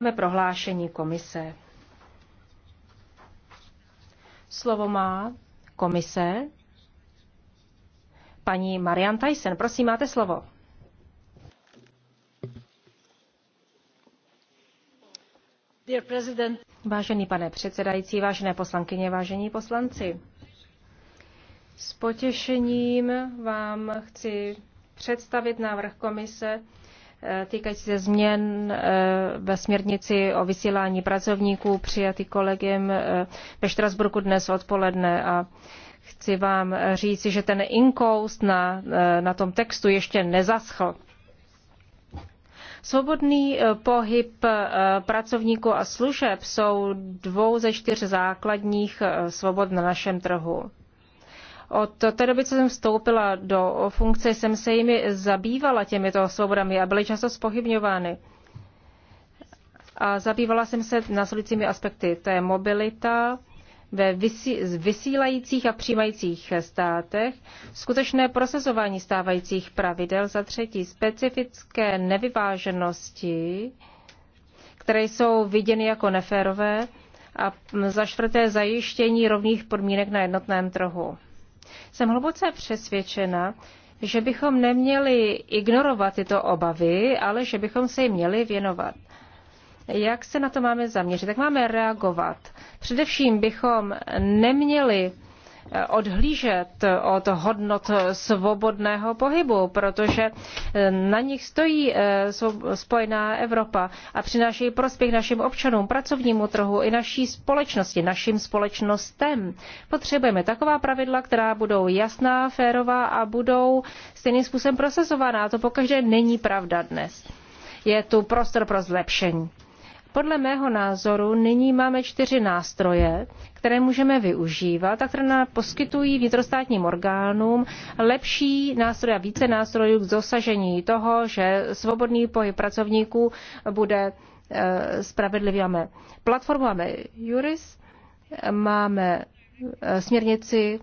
ve prohlášení komise. Slovo má komise. Paní Marian Tyson, prosím, máte slovo. Vážený pane předsedající, vážené poslankyně, vážení poslanci, s potěšením vám chci představit návrh komise týkající se změn eh, ve směrnici o vysílání pracovníků přijatý kolegem eh, ve Štrasburku dnes odpoledne a chci vám říci, že ten inkoust na, eh, na tom textu ještě nezaschl. Svobodný pohyb pracovníků a služeb jsou dvou ze čtyř základních svobod na našem trhu. Od té doby, co jsem vstoupila do funkce, jsem se jimi zabývala těmito svobodami a byly často spochybňovány. A zabývala jsem se následujícími aspekty. To je mobilita ve vysí, vysílajících a přijímajících státech, skutečné procesování stávajících pravidel, za třetí specifické nevyváženosti, které jsou viděny jako neférové, a za čtvrté zajištění rovných podmínek na jednotném trhu. Jsem hluboce přesvědčena, že bychom neměli ignorovat tyto obavy, ale že bychom se jim měli věnovat. Jak se na to máme zaměřit? Tak máme reagovat. Především bychom neměli odhlížet od hodnot svobodného pohybu, protože na nich stojí eh, spojená Evropa a přinášejí prospěch našim občanům, pracovnímu trhu i naší společnosti, našim společnostem. Potřebujeme taková pravidla, která budou jasná, férová a budou stejným způsobem procesovaná. To pokaždé není pravda dnes. Je tu prostor pro zlepšení. Podle mého názoru nyní máme čtyři nástroje, které můžeme využívat a které nám poskytují vnitrostátním orgánům lepší nástroje a více nástrojů k dosažení toho, že svobodný pohyb pracovníků bude eh, spravedlivý. Máme platformu, máme Juris, máme eh, směrnici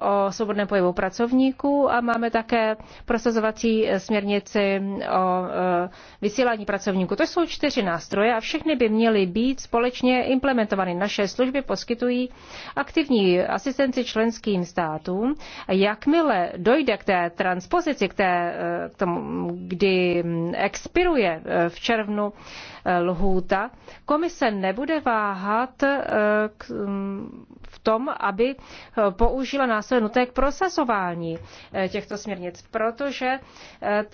o svobodném pohybu pracovníků a máme také prosazovací eh, směrnici o eh, vysílání pracovníků. To jsou čtyři nástroje a všechny by měly být společně implementovány. Naše služby poskytují aktivní asistenci členským státům. Jakmile dojde k té transpozici, k, té, eh, k tomu, kdy hm, expiruje v červnu lhůta, komise nebude váhat k hm, v tom, aby eh, použila nástroje nutek k prosazování eh, těchto směrnic, protože eh,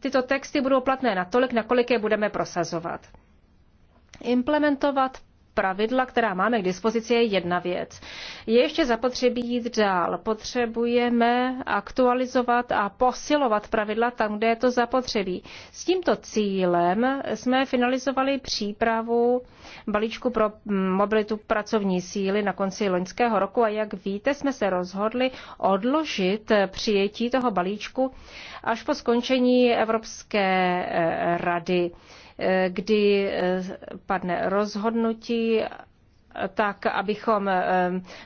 tyto texty budou platné natolik, nakolik je budeme prosazovat. Implementovat pravidla, která máme k dispozici, je jedna věc. Je ještě zapotřebí jít dál. Potřebujeme aktualizovat a posilovat pravidla tam, kde je to zapotřebí. S tímto cílem jsme finalizovali přípravu balíčku pro mm, mobilitu pracovní síly na konci loňského roku a jak víte, jsme se rozhodli odložit přijetí toho balíčku až po skončení Evropské eh, rady Eh, kdy eh, padne rozhodnutí tak, abychom eh,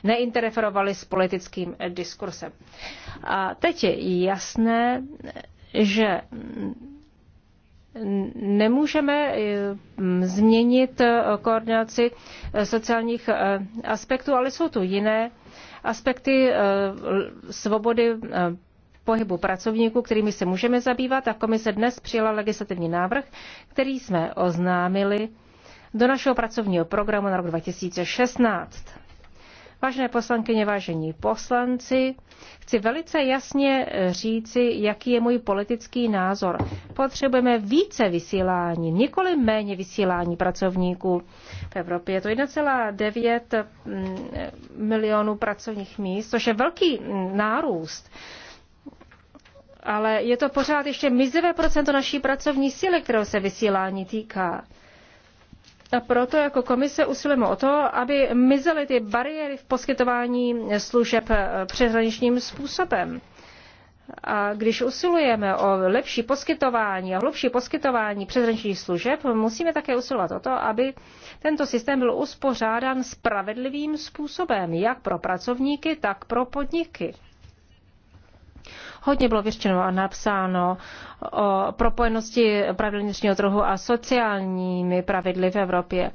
neinterferovali s politickým diskursem. A teď je jasné, že nemůžeme změnit koordinaci sociálních aspektů, ale jsou tu jiné aspekty svobody pohybu pracovníků, kterými se můžeme zabývat a komise dnes přijala legislativní návrh, který jsme oznámili do našeho pracovního programu na rok 2016. Vážené poslankyně, vážení poslanci, chci velice jasně eh, říci, jaký je můj politický názor. Potřebujeme více vysílání, nikoli méně vysílání pracovníků v Evropě. Je to 1,9 mm, eh, milionů pracovních míst, což je velký mm, nárůst ale je to pořád ještě mizivé procento naší pracovní síly, kterého se vysílání týká. A proto jako komise usilujeme o to, aby mizely ty bariéry v poskytování služeb eh, přeshraničním způsobem. A když usilujeme o lepší poskytování a hlubší poskytování přeshraničních služeb, musíme také usilovat o to, aby tento systém byl uspořádán spravedlivým způsobem, jak pro pracovníky, tak pro podniky. Hodně bylo vyřčeno a napsáno o propojenosti pravidel vnitřního trhu a sociálními pravidly v Evropě.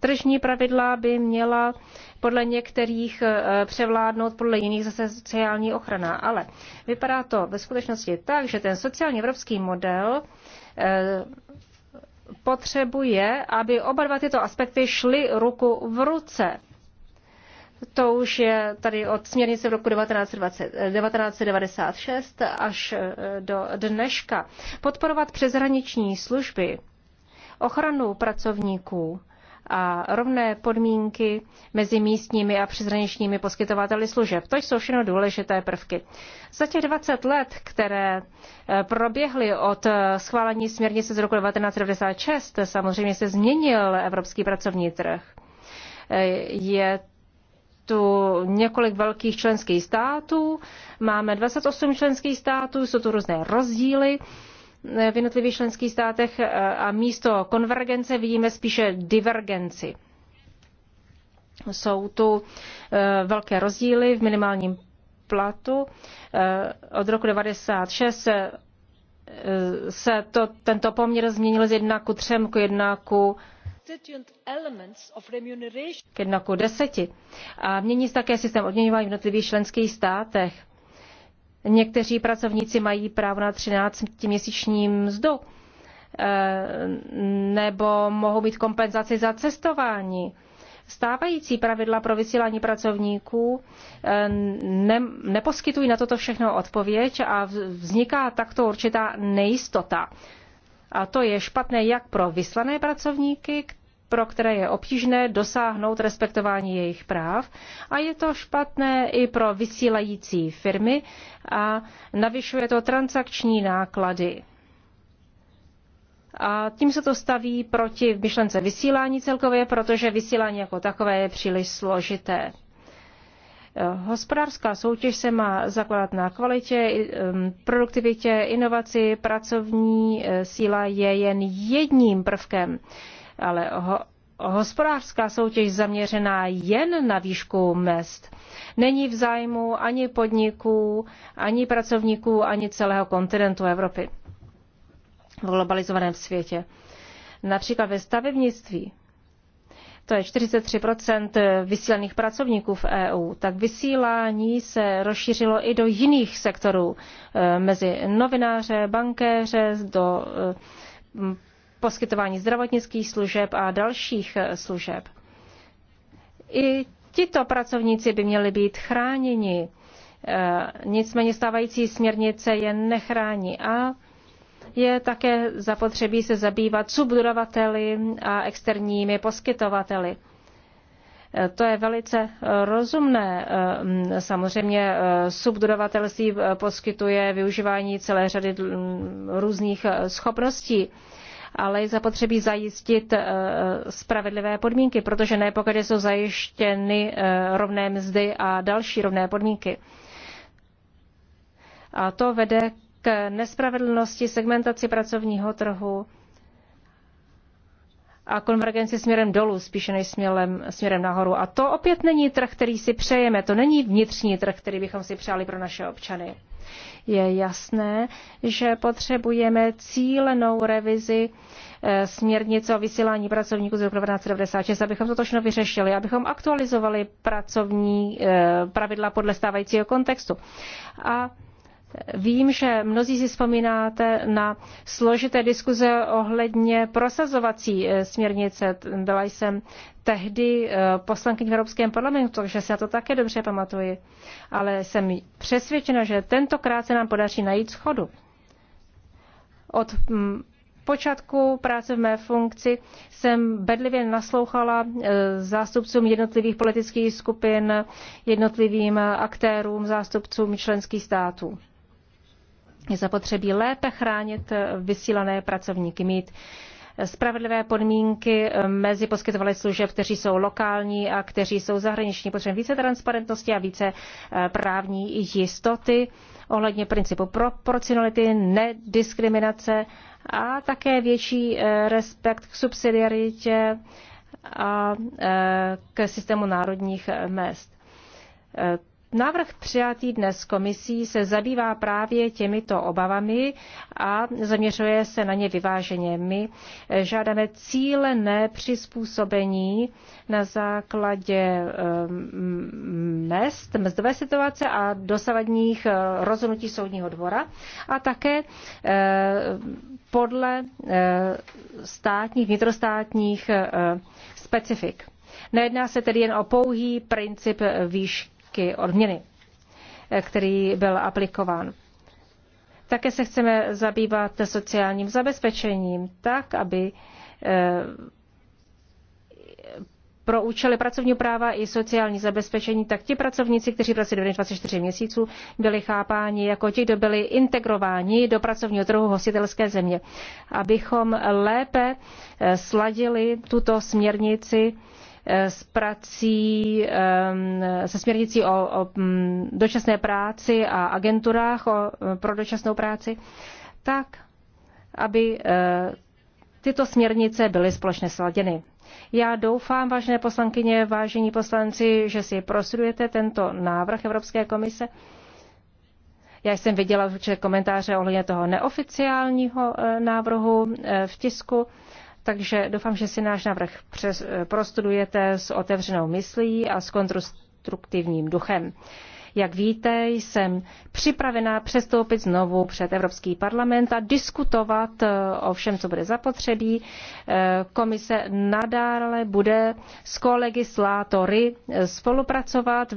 Tržní pravidla by měla podle některých eh, převládnout, podle jiných zase sociální ochrana. Ale vypadá to ve skutečnosti tak, že ten sociální evropský model eh, potřebuje, aby oba dva tyto aspekty šly ruku v ruce to už je tady od směrnice v roku 1920, 1996 až e, do dneška. Podporovat přeshraniční služby, ochranu pracovníků a rovné podmínky mezi místními a přeshraničními poskytovateli služeb. To jsou všechno důležité prvky. Za těch 20 let, které e, proběhly od e, schválení směrnice z roku 1996, samozřejmě se změnil evropský pracovní trh je tu několik velkých členských států, máme 28 členských států, jsou tu různé rozdíly v jednotlivých členských státech a místo konvergence vidíme spíše divergenci. Jsou tu eh, velké rozdíly v minimálním platu. Eh, od roku 96 eh, se to, tento poměr změnil z 1 ku 3 k 1 ku k deseti. A mění se také systém odměňování v jednotlivých členských státech. Někteří pracovníci mají právo na třináctiměsíční mzdu eh, nebo mohou mít kompenzaci za cestování. Stávající pravidla pro vysílání pracovníků eh, ne, neposkytují na toto všechno odpověď a vzniká takto určitá nejistota. A to je špatné jak pro vyslané pracovníky, pro které je obtížné dosáhnout respektování jejich práv a je to špatné i pro vysílající firmy a navyšuje to transakční náklady. A tím se to staví proti myšlence vysílání celkově, protože vysílání jako takové je příliš složité. Hospodářská soutěž se má zakládat na kvalitě, produktivitě, inovaci, pracovní e, síla je jen jedním prvkem ale ho, hospodářská soutěž zaměřená jen na výšku mest není v zájmu ani podniků, ani pracovníků, ani celého kontinentu Evropy v globalizovaném světě. Například ve stavebnictví, to je 43 vysílených pracovníků v EU, tak vysílání se rozšířilo i do jiných sektorů, e, mezi novináře, bankéře, do e, poskytování zdravotnických služeb a dalších eh, služeb. I tito pracovníci by měli být chráněni. Eh, nicméně stávající směrnice je nechrání a je také zapotřebí se zabývat subdodavateli a externími poskytovateli. Eh, to je velice rozumné. Mm, samozřejmě subdodavatelství poskytuje využívání celé řady mm, různých schopností ale je zapotřebí zajistit eh, spravedlivé podmínky, protože ne pokaždé jsou zajištěny eh, rovné mzdy a další rovné podmínky. A to vede k nespravedlnosti, segmentaci pracovního trhu a konvergenci směrem dolů, spíše než směrem, směrem nahoru. A to opět není trh, který si přejeme, to není vnitřní trh, který bychom si přáli pro naše občany. Je jasné, že potřebujeme cílenou revizi eh, směrnice o vysílání pracovníků z roku 1996, abychom to točno vyřešili, abychom aktualizovali pracovní eh, pravidla podle stávajícího kontextu. A Vím, že mnozí si vzpomínáte na složité diskuze ohledně prosazovací eh, směrnice. Byla jsem tehdy eh, poslankyň v Evropském parlamentu, takže si to také dobře pamatuji. Ale jsem přesvědčena, že tentokrát se nám podaří najít schodu. Od mm, počátku práce v mé funkci jsem bedlivě naslouchala eh, zástupcům jednotlivých politických skupin, jednotlivým aktérům, zástupcům členských států. Je zapotřebí lépe chránit vysílané pracovníky, mít spravedlivé podmínky eh, mezi poskytovateli služeb, kteří jsou lokální a kteří jsou zahraniční. Potřebujeme více transparentnosti a více eh, právní jistoty ohledně principu proporcionality, nediskriminace a také větší eh, respekt k subsidiaritě a k systému národních mest. Návrh přijatý dnes komisí se zabývá právě těmito obavami a zaměřuje se na ně vyváženě. My žádáme cílené přizpůsobení na základě eh, mest, mzdové situace a dosavadních eh, rozhodnutí soudního dvora a také eh, podle státních, vnitrostátních specifik. Nejedná se tedy jen o pouhý princip výšky výšky odměny, eh, který byl aplikován. Také se chceme zabývat sociálním zabezpečením tak, aby eh, pro účely pracovního práva i sociální zabezpečení, tak ti pracovníci, kteří pracují do 24 měsíců, byli chápáni jako ti, kdo byli integrováni do pracovního trhu hostitelské země. Abychom lépe eh, sladili tuto směrnici Eh, s prací, se směrnicí o, o mm, dočasné práci a agenturách o, eh, pro dočasnou práci, tak, aby eh, tyto směrnice byly společně sladěny. Já doufám, vážené poslankyně, vážení poslanci, že si prosudujete tento návrh Evropské komise. Já jsem viděla určitě komentáře ohledně toho neoficiálního návrhu v tisku. Takže doufám, že si náš návrh přes, eh, prostudujete s otevřenou myslí a s konstruktivním duchem. Jak víte, jsem připravená přestoupit znovu před Evropský parlament a diskutovat eh, o všem, co bude zapotřebí. Eh, komise nadále bude s kolegislátory spolupracovat.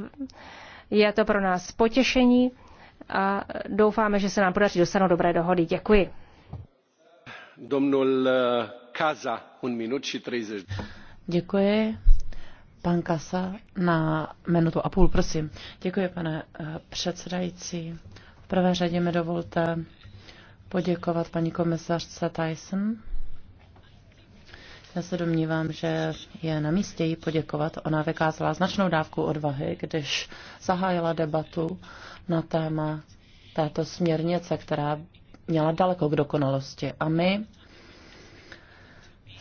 Je to pro nás potěšení a doufáme, že se nám podaří dosáhnout dobré dohody. Děkuji. Domnul Pan Kasa na minutu a půl, prosím. Děkuji, pane eh, předsedající. V prvé řadě mi dovolte poděkovat paní komisařce Tyson. Já se domnívám, že je na místě jí poděkovat. Ona vykázala značnou dávku odvahy, když zahájila debatu na téma této směrnice, která měla daleko k dokonalosti. A my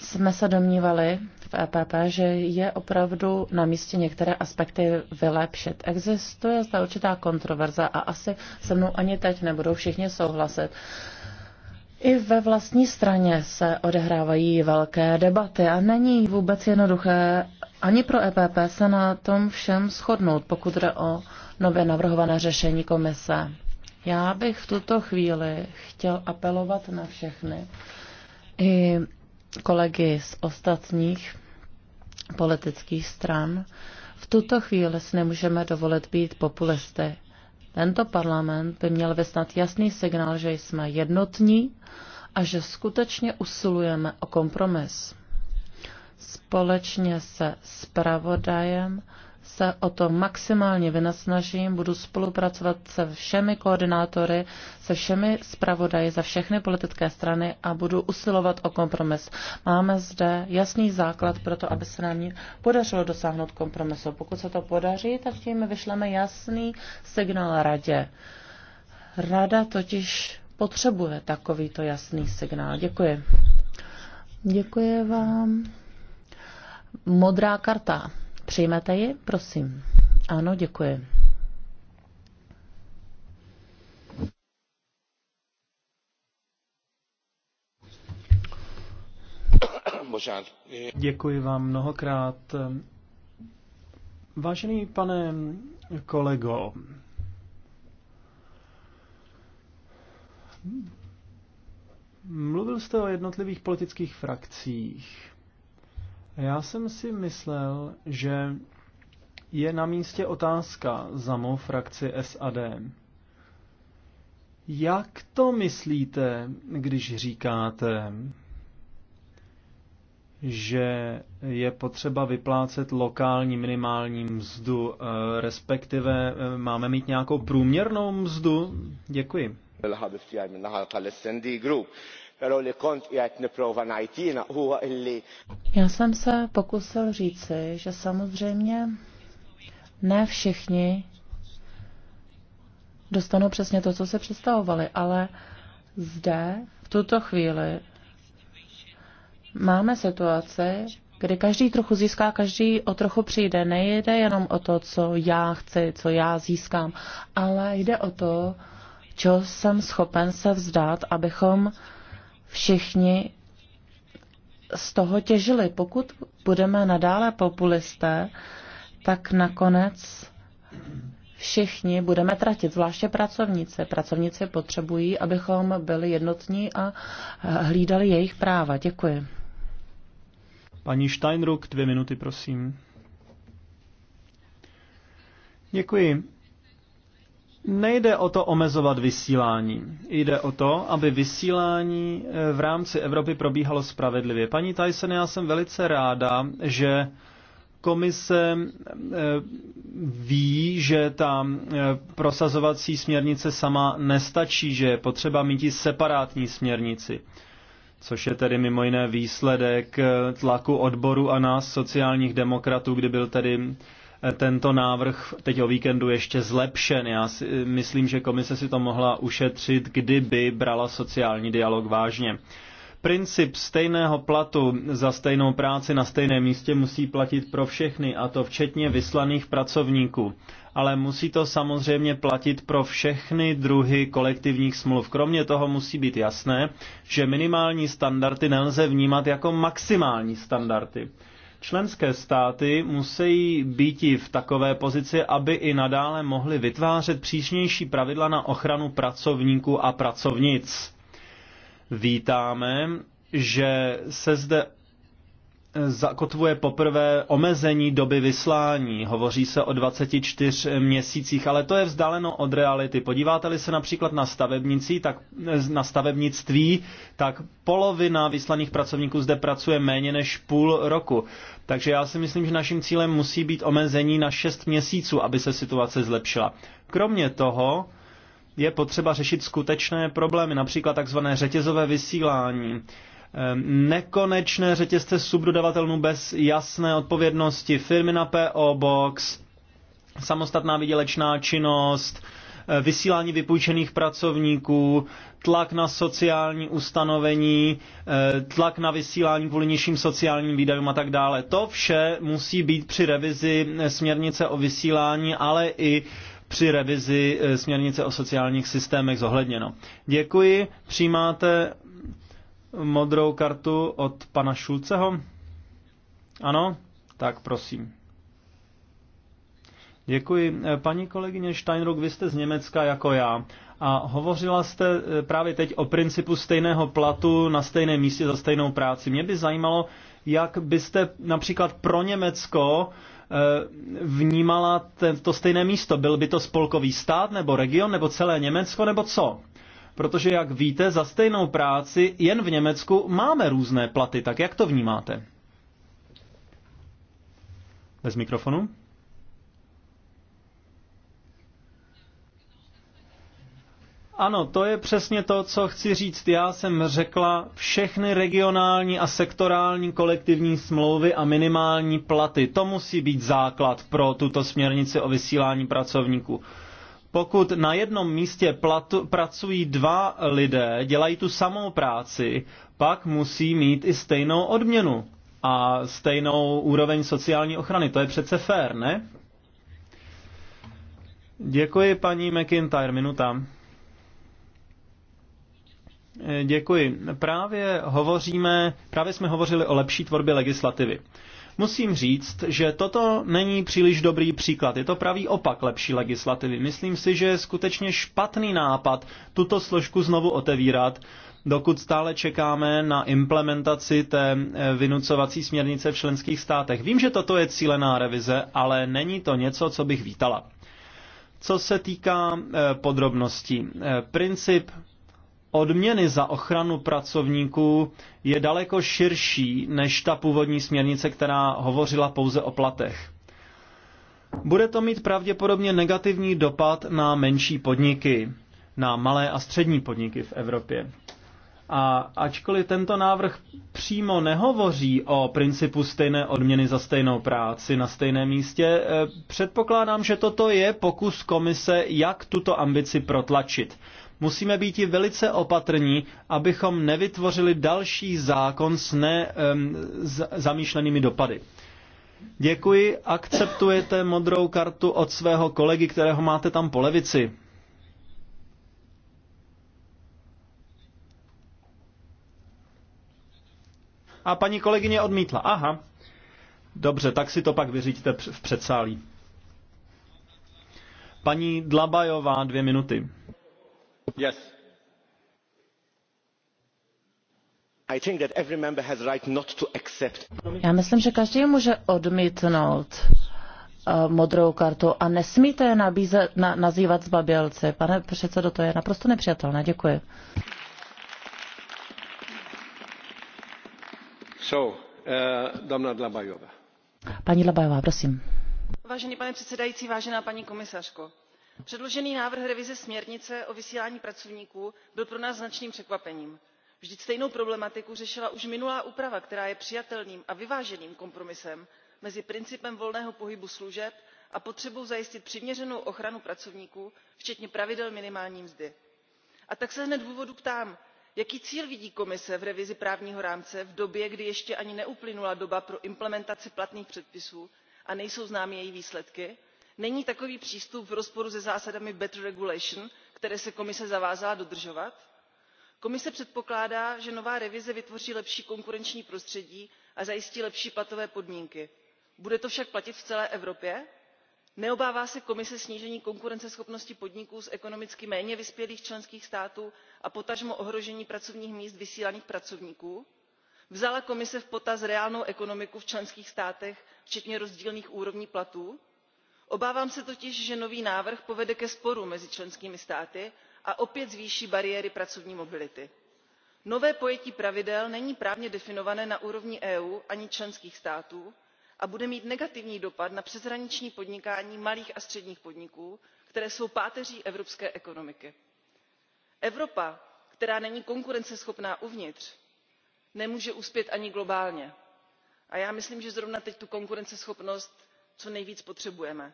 jsme se domnívali v EPP, že je opravdu na místě některé aspekty vylepšit. Existuje zda určitá kontroverze a asi se mnou ani teď nebudou všichni souhlasit. I ve vlastní straně se odehrávají velké debaty a není vůbec jednoduché ani pro EPP se na tom všem shodnout, pokud jde o nově navrhované řešení komise. Já bych v tuto chvíli chtěl apelovat na všechny, i kolegy z ostatních politických stran, v tuto chvíli si nemůžeme dovolit být populisty. Tento parlament by měl vysnat jasný signál, že jsme jednotní a že skutečně usilujeme o kompromis. Společně se spravodajem se o to maximálně vynasnažím, budu spolupracovat se všemi koordinátory, se všemi zpravodaji za všechny politické strany a budu usilovat o kompromis. Máme zde jasný základ pro to, aby se nám podařilo dosáhnout kompromisu. Pokud se to podaří, tak tím vyšleme jasný signál radě. Rada totiž potřebuje takovýto jasný signál. Děkuji. Děkuji vám. Modrá karta. Přijmete ji? Prosím. Ano, děkuji. Děkuji vám mnohokrát. Vážený pane kolego, mluvil jste o jednotlivých politických frakcích. Já jsem si myslel, že je na místě otázka za mou frakci SAD. Jak to myslíte, když říkáte, že je potřeba vyplácet lokální minimální mzdu, eh, respektive eh, máme mít nějakou průměrnou mzdu? Děkuji. Já jsem se pokusil říci, že samozřejmě ne všichni dostanou přesně to, co se představovali, ale zde v tuto chvíli máme situaci, kdy každý trochu získá, každý o trochu přijde. Nejde jenom o to, co já chci, co já získám, ale jde o to, čeho jsem schopen se vzdát, abychom všichni z toho těžili. Pokud budeme nadále populisté, tak nakonec všichni budeme tratit, zvláště pracovnice. Pracovnice potřebují, abychom byli jednotní a hlídali jejich práva. Děkuji. Paní Steinruck, dvě minuty, prosím. Děkuji. Nejde o to omezovat vysílání. Jde o to, aby vysílání eh, v rámci Evropy probíhalo spravedlivě. Paní Tyson, já jsem velice ráda, že komise eh, ví, že ta eh, prosazovací směrnice sama nestačí, že je potřeba mít i separátní směrnici což je tedy mimo jiné výsledek tlaku odboru a nás sociálních demokratů, kdy byl tedy tento návrh teď o víkendu ještě zlepšen. Já si, myslím, že komise si to mohla ušetřit, kdyby brala sociální dialog vážně. Princip stejného platu za stejnou práci na stejném místě musí platit pro všechny, a to včetně vyslaných pracovníků. Ale musí to samozřejmě platit pro všechny druhy kolektivních smluv. Kromě toho musí být jasné, že minimální standardy nelze vnímat jako maximální standardy. Členské státy musí být v takové pozici, aby i nadále mohly vytvářet přísnější pravidla na ochranu pracovníků a pracovnic. Vítáme, že se zde zakotvuje poprvé omezení doby vyslání. Hovoří se o 24 měsících, ale to je vzdáleno od reality. Podíváte-li se například na, stavebnici, tak, na stavebnictví, tak polovina vyslaných pracovníků zde pracuje méně než půl roku. Takže já si myslím, že naším cílem musí být omezení na 6 měsíců, aby se situace zlepšila. Kromě toho, je potřeba řešit skutečné problémy, například takzvané řetězové vysílání Ehm, nekonečné řetězce subdodavatelů bez jasné odpovědnosti, firmy na PO Box, samostatná vydělečná činnost, eh, vysílání vypůjčených pracovníků, tlak na sociální ustanovení, eh, tlak na vysílání kvůli nižším sociálním výdajům a tak dále. To vše musí být při revizi eh, směrnice o vysílání, ale i při revizi směrnice o sociálních systémech zohledněno. Děkuji, přijímáte modrou kartu od pana Šulceho? Ano? Tak prosím. Děkuji. Paní kolegyně Steinruck, vy jste z Německa jako já a hovořila jste eh, právě teď o principu stejného platu na stejném místě za stejnou práci. Mě by zajímalo, jak byste například pro Německo eh, vnímala to stejné místo. Byl by to spolkový stát nebo region nebo celé Německo nebo co? Protože, jak víte, za stejnou práci jen v Německu máme různé platy. Tak jak to vnímáte? Bez mikrofonu. Ano, to je přesně to, co chci říct. Já jsem řekla všechny regionální a sektorální kolektivní smlouvy a minimální platy. To musí být základ pro tuto směrnici o vysílání pracovníků. Pokud na jednom místě platu, pracují dva lidé, dělají tu samou práci, pak musí mít i stejnou odměnu a stejnou úroveň sociální ochrany. To je přece fér, ne? Děkuji, paní McIntyre. Minuta. Děkuji. Právě hovoříme, právě jsme hovořili o lepší tvorbě legislativy. Musím říct, že toto není příliš dobrý příklad. Je to pravý opak lepší legislativy. Myslím si, že je skutečně špatný nápad tuto složku znovu otevírat, dokud stále čekáme na implementaci té eh, vynucovací směrnice v členských státech. Vím, že toto je cílená revize, ale není to něco, co bych vítala. Co se týká eh, podrobností, eh, princip odměny za ochranu pracovníků je daleko širší než ta původní směrnice, která hovořila pouze o platech. Bude to mít pravděpodobně negativní dopad na menší podniky, na malé a střední podniky v Evropě. A ačkoliv tento návrh přímo nehovoří o principu stejné odměny za stejnou práci na stejném místě, eh, předpokládám, že toto je pokus komise, jak tuto ambici protlačit musíme být i velice opatrní, abychom nevytvořili další zákon s nezamýšlenými um, dopady. Děkuji. Akceptujete modrou kartu od svého kolegy, kterého máte tam po levici? A paní kolegyně odmítla. Aha. Dobře, tak si to pak vyříďte v předsálí. Paní Dlabajová, dvě minuty. Já myslím, že každý může odmítnout eh, modrou kartu a nesmíte je nabízet, na, nazývat zbabělci. Pane předsedo, to je naprosto nepřijatelné. Děkuji. So, uh, Dlabajová. Paní Dlabajová, prosím. Vážený pane předsedající, vážená paní komisařko předložený návrh revize směrnice o vysílání pracovníků byl pro nás značným překvapením. vždyť stejnou problematiku řešila už minulá úprava která je přijatelným a vyváženým kompromisem mezi principem volného pohybu služeb a potřebou zajistit přiměřenou ochranu pracovníků včetně pravidel minimální mzdy. a tak se hned v úvodu ptám jaký cíl vidí komise v revizi právního rámce v době kdy ještě ani neuplynula doba pro implementaci platných předpisů a nejsou známy její výsledky? není takový přístup v rozporu se zásadami better regulation které se komise zavázala dodržovat? komise předpokládá že nová revize vytvoří lepší konkurenční prostředí a zajistí lepší platové podmínky. bude to však platit v celé evropě? neobává se komise snížení konkurenceschopnosti podniků z ekonomicky méně vyspělých členských států a potažmo ohrožení pracovních míst vysílaných pracovníků? vzala komise v potaz reálnou ekonomiku v členských státech včetně rozdílných úrovní platů? obávám se totiž že nový návrh povede ke sporům mezi členskými státy a opět zvýší bariéry pracovní mobility. nové pojetí pravidel není právně definované na úrovni eu ani členských států a bude mít negativní dopad na přeshraniční podnikání malých a středních podniků které jsou páteří evropské ekonomiky. evropa která není konkurenceschopná uvnitř nemůže uspět ani globálně a já myslím že zrovna teď tu konkurenceschopnost co nejvíc potřebujeme.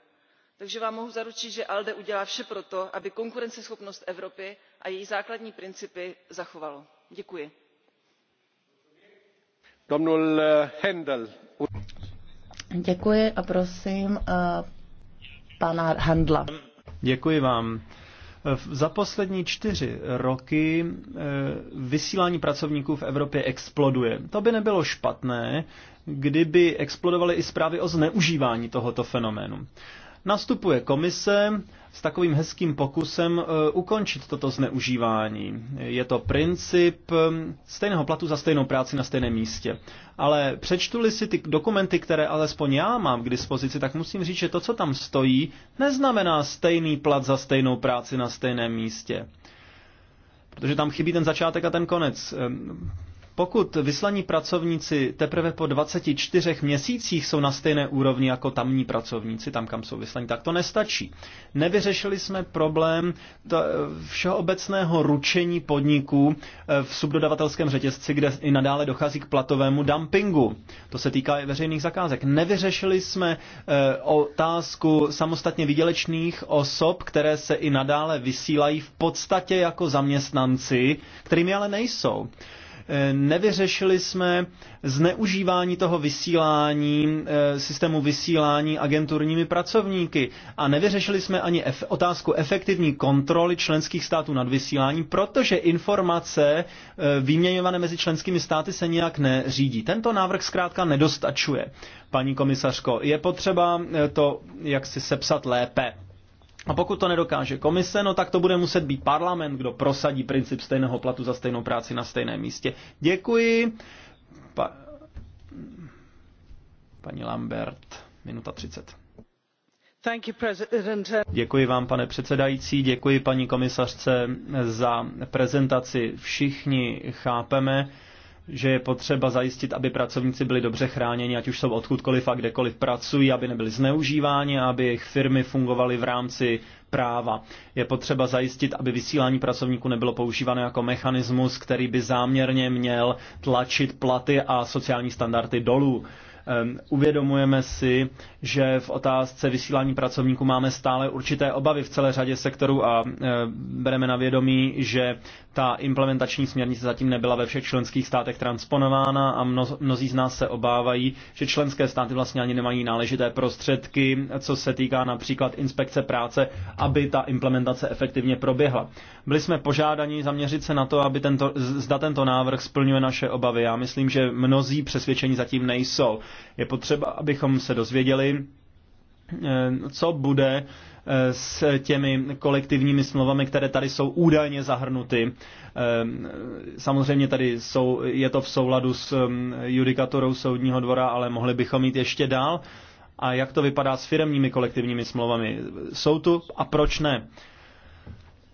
takže vám mohu zaručit že alde udělá vše pro to aby konkurenceschopnost evropy a její základní principy zachovalo. děkuji. Eh, děkuji a prosím eh, pana handla. Děkuji vám za poslední čtyři roky eh, vysílání pracovníků v Evropě exploduje. To by nebylo špatné, kdyby explodovaly i zprávy o zneužívání tohoto fenoménu. Nastupuje komise s takovým hezkým pokusem eh, ukončit toto zneužívání. Je to princip eh, stejného platu za stejnou práci na stejném místě. Ale přečtuli si ty dokumenty, které alespoň já mám k dispozici, tak musím říct, že to, co tam stojí, neznamená stejný plat za stejnou práci na stejném místě. Protože tam chybí ten začátek a ten konec. Eh, pokud vyslaní pracovníci teprve po 24 měsících jsou na stejné úrovni jako tamní pracovníci, tam kam jsou vyslaní, tak to nestačí. Nevyřešili jsme problém všeobecného ručení podniků eh, v subdodavatelském řetězci, kde i nadále dochází k platovému dumpingu. To se týká i veřejných zakázek. Nevyřešili jsme eh, otázku samostatně vydělečných osob, které se i nadále vysílají v podstatě jako zaměstnanci, kterými ale nejsou. Nevyřešili jsme zneužívání toho vysílání, eh, systému vysílání agenturními pracovníky a nevyřešili jsme ani otázku efektivní kontroly členských států nad vysíláním, protože informace eh, výměňované mezi členskými státy se nijak neřídí. Tento návrh zkrátka nedostačuje, paní komisařko. Je potřeba eh, to jak si sepsat lépe. A pokud to nedokáže komise, no tak to bude muset být parlament, kdo prosadí princip stejného platu za stejnou práci na stejném místě. Děkuji. Pa... Paní Lambert, minuta 30. You, děkuji vám, pane předsedající, děkuji paní komisařce za prezentaci. Všichni chápeme, že je potřeba zajistit, aby pracovníci byli dobře chráněni, ať už jsou odkudkoliv a kdekoliv pracují, aby nebyli zneužíváni a aby jejich firmy fungovaly v rámci práva. Je potřeba zajistit, aby vysílání pracovníků nebylo používáno jako mechanismus, který by záměrně měl tlačit platy a sociální standardy dolů. Ehm, uvědomujeme si, že v otázce vysílání pracovníků máme stále určité obavy v celé řadě sektorů a ehm, bereme na vědomí, že ta implementační směrnice zatím nebyla ve všech členských státech transponována a mno, mnozí z nás se obávají, že členské státy vlastně ani nemají náležité prostředky, co se týká například inspekce práce, aby ta implementace efektivně proběhla. Byli jsme požádáni zaměřit se na to, aby tento, zda tento návrh splňuje naše obavy. Já myslím, že mnozí přesvědčení zatím nejsou. Je potřeba, abychom se dozvěděli, eh, co bude s těmi kolektivními smlouvami, které tady jsou údajně zahrnuty. Ehm, samozřejmě tady jsou, je to v souladu s ehm, judikaturou soudního dvora, ale mohli bychom jít ještě dál. A jak to vypadá s firemními kolektivními smlouvami? Jsou tu a proč ne?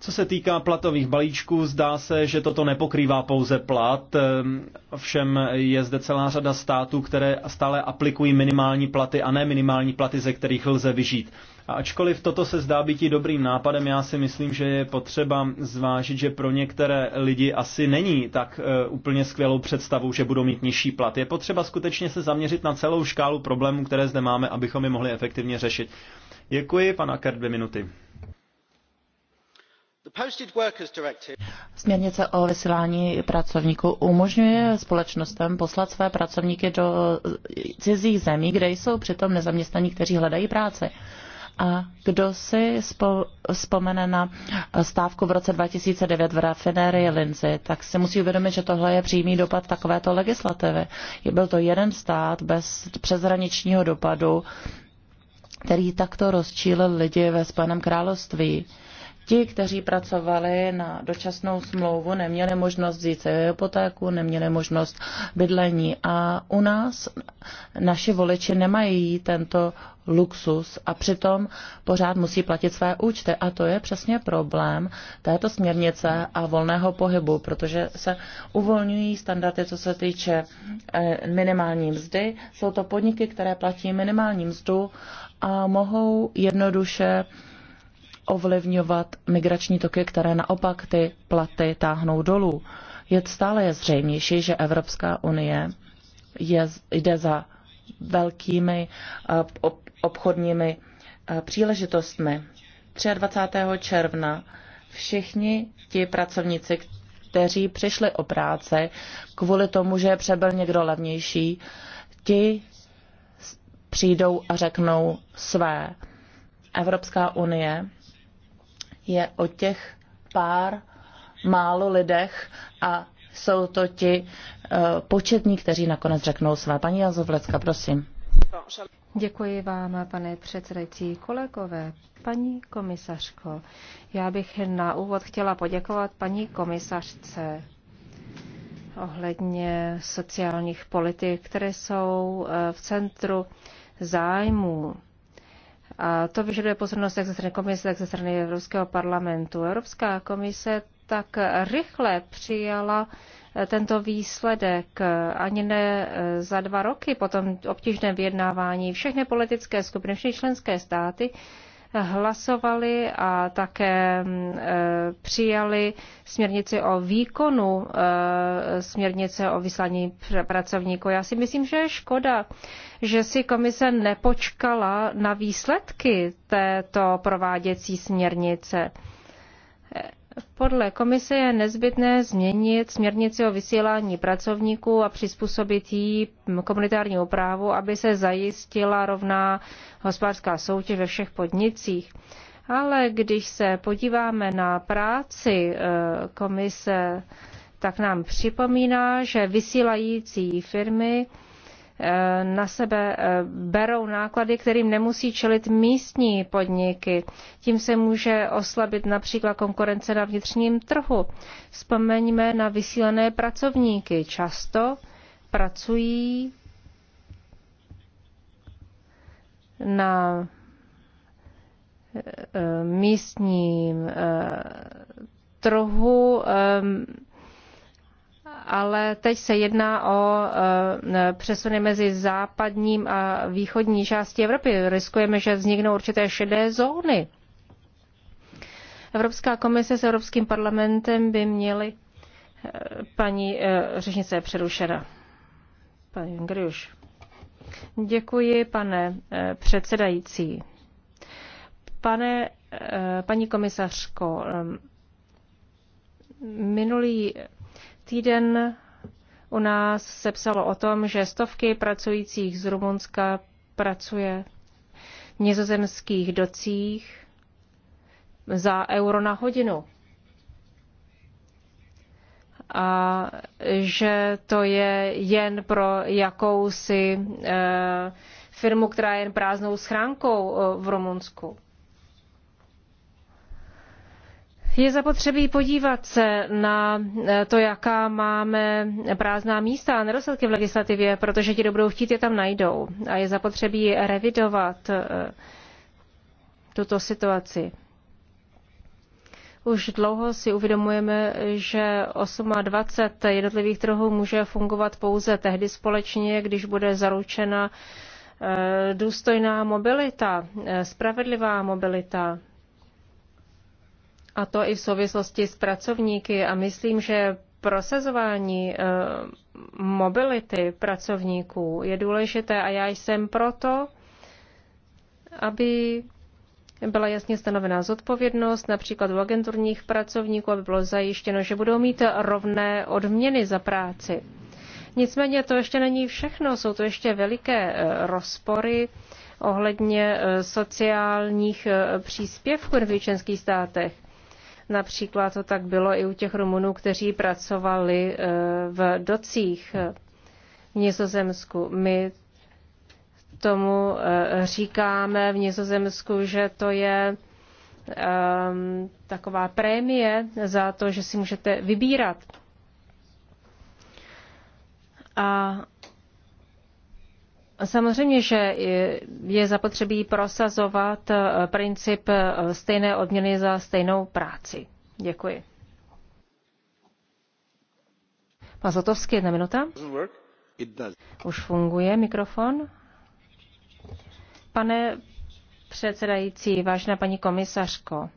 Co se týká platových balíčků, zdá se, že toto nepokrývá pouze plat. Ehm, Všem je zde celá řada států, které stále aplikují minimální platy a ne minimální platy, ze kterých lze vyžít. A ačkoliv toto se zdá být i dobrým nápadem, já si myslím, že je potřeba zvážit, že pro některé lidi asi není tak e, úplně skvělou představou, že budou mít nižší plat. Je potřeba skutečně se zaměřit na celou škálu problémů, které zde máme, abychom je mohli efektivně řešit. Děkuji, pan Aker, dvě minuty. Směrnice o vysílání pracovníků umožňuje společnostem poslat své pracovníky do cizích zemí, kde jsou přitom nezaměstnaní, kteří hledají práci. A kdo si spo, vzpomene na stávku v roce 2009 v rafinérii Lindsay, tak si musí uvědomit, že tohle je přímý dopad takovéto legislativy. Byl to jeden stát bez přezraničního dopadu, který takto rozčílil lidi ve Spojeném království. Ti, kteří pracovali na dočasnou smlouvu, neměli možnost vzít se hypotéku, neměli možnost bydlení. A u nás naši voliči nemají tento luxus a přitom pořád musí platit své účty. A to je přesně problém této směrnice a volného pohybu, protože se uvolňují standardy, co se týče eh, minimální mzdy. Jsou to podniky, které platí minimální mzdu a mohou jednoduše ovlivňovat migrační toky, které naopak ty platy táhnou dolů. Je stále je zřejmější, že Evropská unie je, jde za velkými eh, obchodními eh, příležitostmi. 23. června všichni ti pracovníci, kteří přišli o práce kvůli tomu, že přebyl někdo levnější, ti přijdou a řeknou své. Evropská unie je o těch pár málo lidech a jsou to ti uh, početní, kteří nakonec řeknou své. Paní Jazovlecka, prosím. Děkuji vám, pane předsedající kolegové. Paní komisařko, já bych na úvod chtěla poděkovat paní komisařce ohledně sociálních politik, které jsou eh, v centru zájmů. A to vyžaduje pozornost jak ze strany komise, tak ze strany Evropského parlamentu. Evropská komise tak rychle přijala tento výsledek ani ne eh, za dva roky po tom obtížném vyjednávání. Všechny politické skupiny, všechny členské státy hlasovali a také mm, eh, přijali směrnici o výkonu eh, směrnice o vyslání pracovníků. Já si myslím, že je škoda, že si komise nepočkala na výsledky této prováděcí směrnice. Podle komise je nezbytné změnit směrnici o vysílání pracovníků a přizpůsobit ji komunitárnímu právu, aby se zajistila rovná hospodářská soutěž ve všech podnicích. Ale když se podíváme na práci e, komise, tak nám připomíná, že vysílající firmy Eh, na sebe eh, berou náklady, kterým nemusí čelit místní podniky. Tím se může oslabit například konkurence na vnitřním trhu. Vzpomeňme na vysílené pracovníky. Často pracují na eh, místním trhu ehm, ale teď se jedná o e, přesuny mezi západním a východní částí Evropy. Riskujeme, že vzniknou určité šedé zóny. Evropská komise s Evropským parlamentem by měly e, paní e, řečnice je přerušena. Pan Jungriuš. Děkuji, pane předsedající. Pane, paní komisařko, minulý Týden u nás se psalo o tom, že stovky pracujících z Rumunska pracuje v nizozemských docích za euro na hodinu. A že to je jen pro jakousi eh, firmu, která je jen prázdnou schránkou eh, v Rumunsku. Je zapotřebí podívat se na eh, to, jaká máme prázdná místa a nedostatky v legislativě, protože ti, kdo budou chtít, je tam najdou. A je zapotřebí revidovat eh, tuto situaci. Už dlouho si uvědomujeme, že 28 jednotlivých trhů může fungovat pouze tehdy společně, když bude zaručena eh, důstojná mobilita, spravedlivá mobilita a to i v souvislosti s pracovníky. A myslím, že prosazování eh, mobility pracovníků je důležité a já jsem proto, aby byla jasně stanovená zodpovědnost, například u agenturních pracovníků, aby bylo zajištěno, že budou mít rovné odměny za práci. Nicméně to ještě není všechno, jsou to ještě veliké eh, rozpory ohledně eh, sociálních příspěvků v členských státech. Například to tak bylo i u těch Rumunů, kteří pracovali eh, v docích eh, v Nizozemsku. My tomu eh, říkáme v Nizozemsku, že to je ehm, taková prémie za to, že si můžete vybírat. A Samozřejmě, že je zapotřebí prosazovat eh, princip eh, stejné odměny za stejnou práci. Děkuji. Pan Zotovský, jedna minuta. Už funguje mikrofon? Pane předsedající, vážná paní komisařko,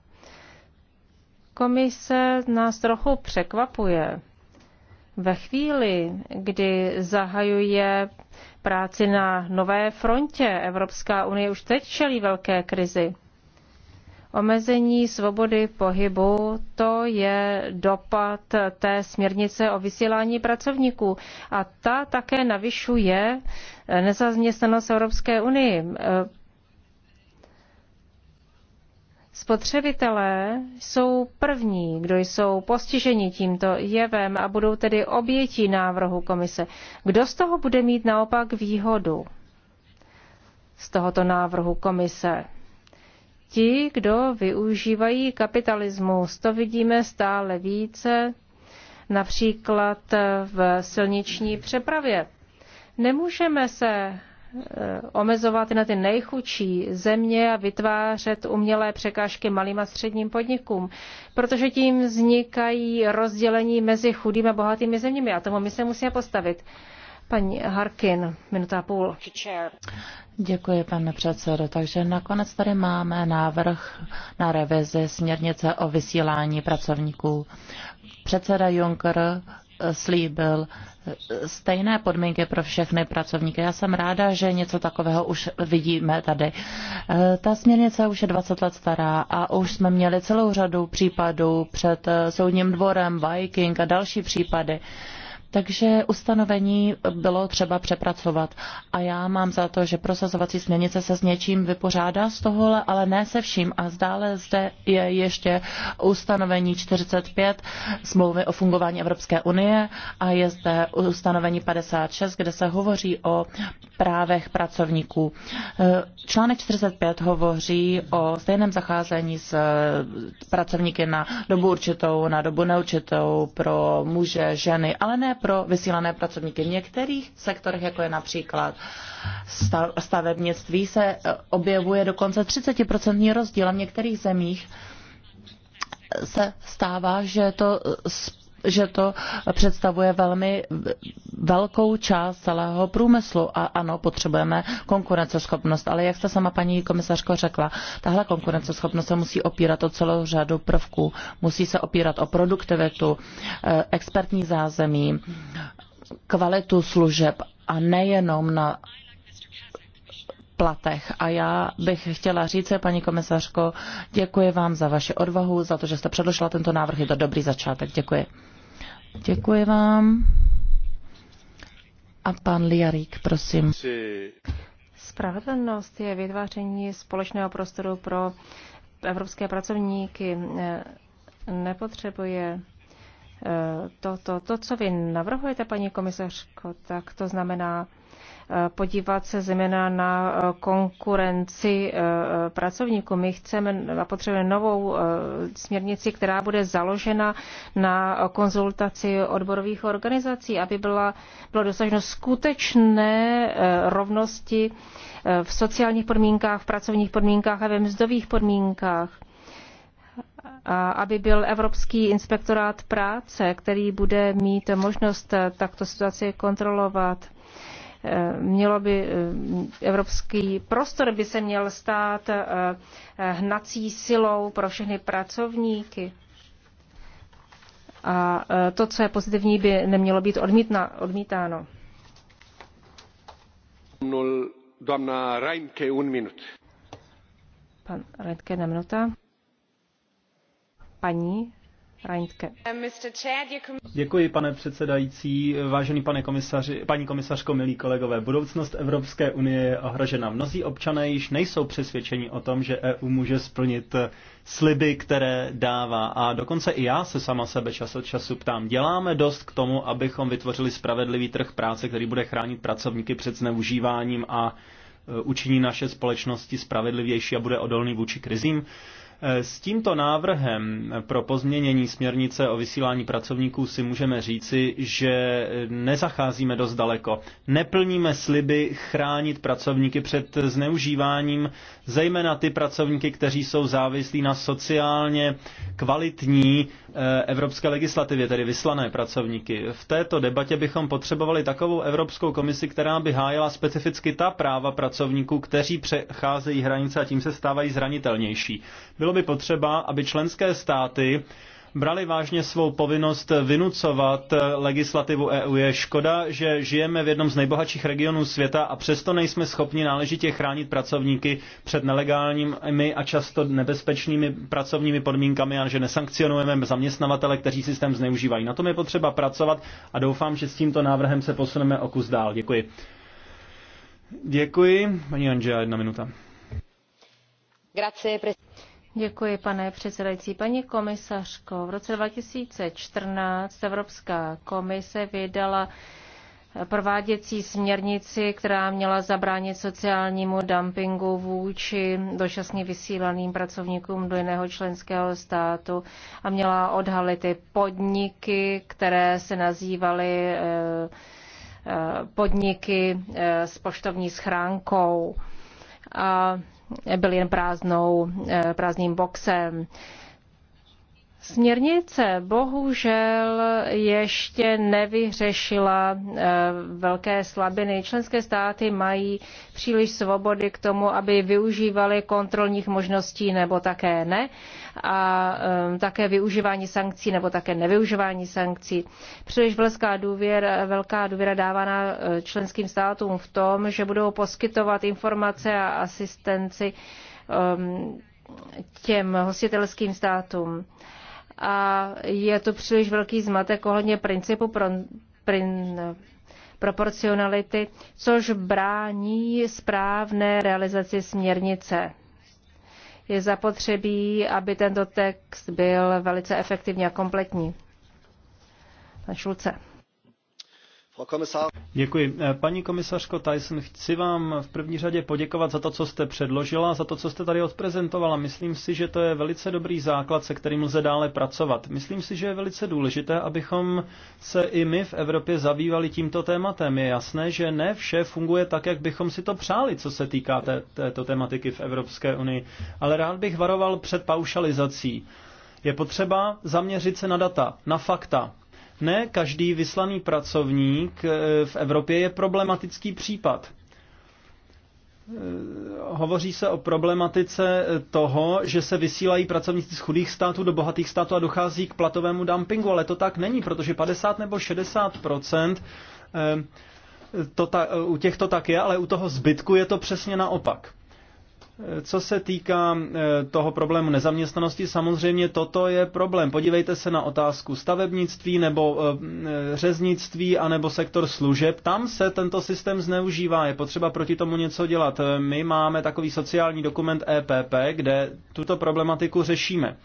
komise nás trochu překvapuje ve chvíli, kdy zahajuje práci na nové frontě, Evropská unie už teď čelí velké krizi. Omezení svobody pohybu, to je dopad té směrnice o vysílání pracovníků. A ta také navyšuje nezazměstnanost Evropské unii. Spotřebitelé jsou první, kdo jsou postiženi tímto jevem a budou tedy obětí návrhu komise. Kdo z toho bude mít naopak výhodu z tohoto návrhu komise? Ti, kdo využívají kapitalismus, to vidíme stále více, například v silniční přepravě. Nemůžeme se Eh, omezovat na ty nejchudší země a vytvářet umělé překážky malým a středním podnikům, protože tím vznikají rozdělení mezi chudými a bohatými zeměmi a tomu my se musíme postavit. Paní Harkin, minuta a půl. Děkuji, pane předsedo. Takže nakonec tady máme návrh na revizi směrnice o vysílání pracovníků. Předseda Juncker slíbil stejné podmínky pro všechny pracovníky. Já jsem ráda, že něco takového už vidíme tady. Eh, ta směrnice už je 20 let stará a už jsme měli celou řadu případů před eh, soudním dvorem, Viking a další případy. Takže ustanovení bylo třeba přepracovat. A já mám za to, že prosazovací směrnice se s něčím vypořádá z tohohle, ale ne se vším. A zdále zde je ještě ustanovení 45 smlouvy o fungování Evropské unie a je zde ustanovení 56, kde se hovoří o právech pracovníků. Článek 45 hovoří o stejném zacházení s pracovníky na dobu určitou, na dobu neurčitou pro muže, ženy, ale ne pro vysílané pracovníky. V některých sektorech, jako je například stavebnictví, se eh, objevuje dokonce 30% rozdíl a v některých zemích se stává, že to že to představuje velmi velkou část celého průmyslu. A ano, potřebujeme konkurenceschopnost, ale jak jste sama paní komisařko řekla, tahle konkurenceschopnost se musí opírat o celou řadu prvků. Musí se opírat o produktivitu, eh, expertní zázemí, kvalitu služeb a nejenom na platech. A já bych chtěla říct, paní komisařko, děkuji vám za vaši odvahu, za to, že jste předložila tento návrh. Je to dobrý začátek. Děkuji. Děkuji vám. A pan Liarík, prosím. Spravedlnost je vytváření společného prostoru pro evropské pracovníky. Nepotřebuje eh, to, to, to, co vy navrhujete, paní komisařko, tak to znamená podívat se zejména na konkurenci eh, pracovníků. My chceme a potřebujeme novou eh, směrnici, která bude založena na konzultaci odborových organizací, aby byla, bylo dosaženo skutečné eh, rovnosti v sociálních podmínkách, v pracovních podmínkách a ve mzdových podmínkách aby byl Evropský inspektorát práce, který bude mít možnost takto situaci kontrolovat. Eh, mělo by eh, evropský prostor by se měl stát eh, hnací silou pro všechny pracovníky. A to, co je pozitivní, by nemělo být odmítna, odmítáno. Doamna Reimke, un minut. Pan Reimke, na minuta. Paní Reintke. Děkuji, pane předsedající, vážený pane komisaři, paní komisařko, milí kolegové. Budoucnost Evropské unie je ohrožena. Mnozí občané již nejsou přesvědčeni o tom, že EU může splnit eh, sliby, které dává. A dokonce i já se sama sebe čas od času ptám. Děláme dost k tomu, abychom vytvořili spravedlivý trh práce, který bude chránit pracovníky před zneužíváním a eh, učiní naše společnosti spravedlivější a bude odolný vůči krizím. S tímto návrhem pro pozměnění směrnice o vysílání pracovníků si můžeme říci, že nezacházíme dost daleko. Neplníme sliby chránit pracovníky před zneužíváním, zejména ty pracovníky, kteří jsou závislí na sociálně kvalitní eh, evropské legislativě, tedy vyslané pracovníky. V této debatě bychom potřebovali takovou Evropskou komisi, která by hájela specificky ta práva pracovníků, kteří přecházejí hranice a tím se stávají zranitelnější. Bylo bylo by potřeba, aby členské státy brali vážně svou povinnost vynucovat legislativu EU. Je škoda, že žijeme v jednom z nejbohatších regionů světa a přesto nejsme schopni náležitě chránit pracovníky před nelegálními a často nebezpečnými pracovními podmínkami a že nesankcionujeme zaměstnavatele, kteří systém zneužívají. Na tom je potřeba pracovat a doufám, že s tímto návrhem se posuneme o kus dál. Děkuji. Děkuji. Paní Anžela, jedna minuta. Grazie, Děkuji, pane předsedající. Paní komisařko, v roce 2014 Evropská komise vydala prováděcí směrnici, která měla zabránit sociálnímu dumpingu vůči dočasně vysílaným pracovníkům do jiného členského státu a měla odhalit ty podniky, které se nazývaly eh, eh, podniky eh, s poštovní schránkou. A byl jen prázdnou, eh, prázdným boxem. Směrnice bohužel ještě nevyřešila eh, velké slabiny. Členské státy mají příliš svobody k tomu, aby využívali kontrolních možností nebo také ne a eh, také využívání sankcí nebo také nevyužívání sankcí. Příliš velká důvěra, velká důvěra dávána eh, členským státům v tom, že budou poskytovat informace a asistenci ehm, těm hostitelským státům a je to příliš velký zmatek ohledně principu pro, prin, proporcionality, což brání správné realizaci směrnice. Je zapotřebí, aby tento text byl velice efektivní a kompletní. Pan Šulce. Děkuji. Eh, paní komisařko Tyson, chci vám v první řadě poděkovat za to, co jste předložila, za to, co jste tady odprezentovala. Myslím si, že to je velice dobrý základ, se kterým lze dále pracovat. Myslím si, že je velice důležité, abychom se i my v Evropě zabývali tímto tématem. Je jasné, že ne vše funguje tak, jak bychom si to přáli, co se týká té, této tematiky v Evropské unii. Ale rád bych varoval před paušalizací. Je potřeba zaměřit se na data, na fakta, ne každý vyslaný pracovník eh, v Evropě je problematický případ. Eh, hovoří se o problematice eh, toho, že se vysílají pracovníci z chudých států do bohatých států a dochází k platovému dumpingu, ale to tak není, protože 50 nebo 60 to ta, u to tak je, ale u toho zbytku je to přesně naopak. Co se týká e, toho problému nezaměstnanosti, samozřejmě toto je problém. Podívejte se na otázku stavebnictví nebo e, e, řeznictví nebo sektor služeb. Tam se tento systém zneužívá, je potřeba proti tomu něco dělat. My máme takový sociální dokument EPP, kde tuto problematiku řešíme.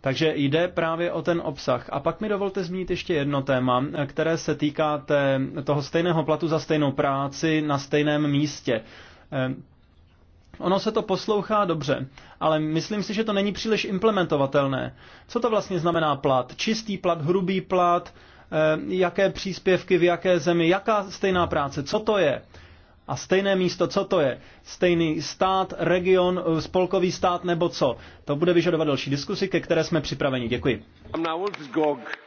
Takže jde právě o ten obsah. A pak mi dovolte zmínit ještě jedno téma, které se týká té, toho stejného platu za stejnou práci na stejném místě. Ono se to poslouchá dobře, ale myslím si, že to není příliš implementovatelné. Co to vlastně znamená plat? Čistý plat, hrubý plat, eh, jaké příspěvky v jaké zemi, jaká stejná práce, co to je? A stejné místo, co to je? Stejný stát, region, eh, spolkový stát nebo co? To bude vyžadovat další diskusy, ke které jsme připraveni. Děkuji.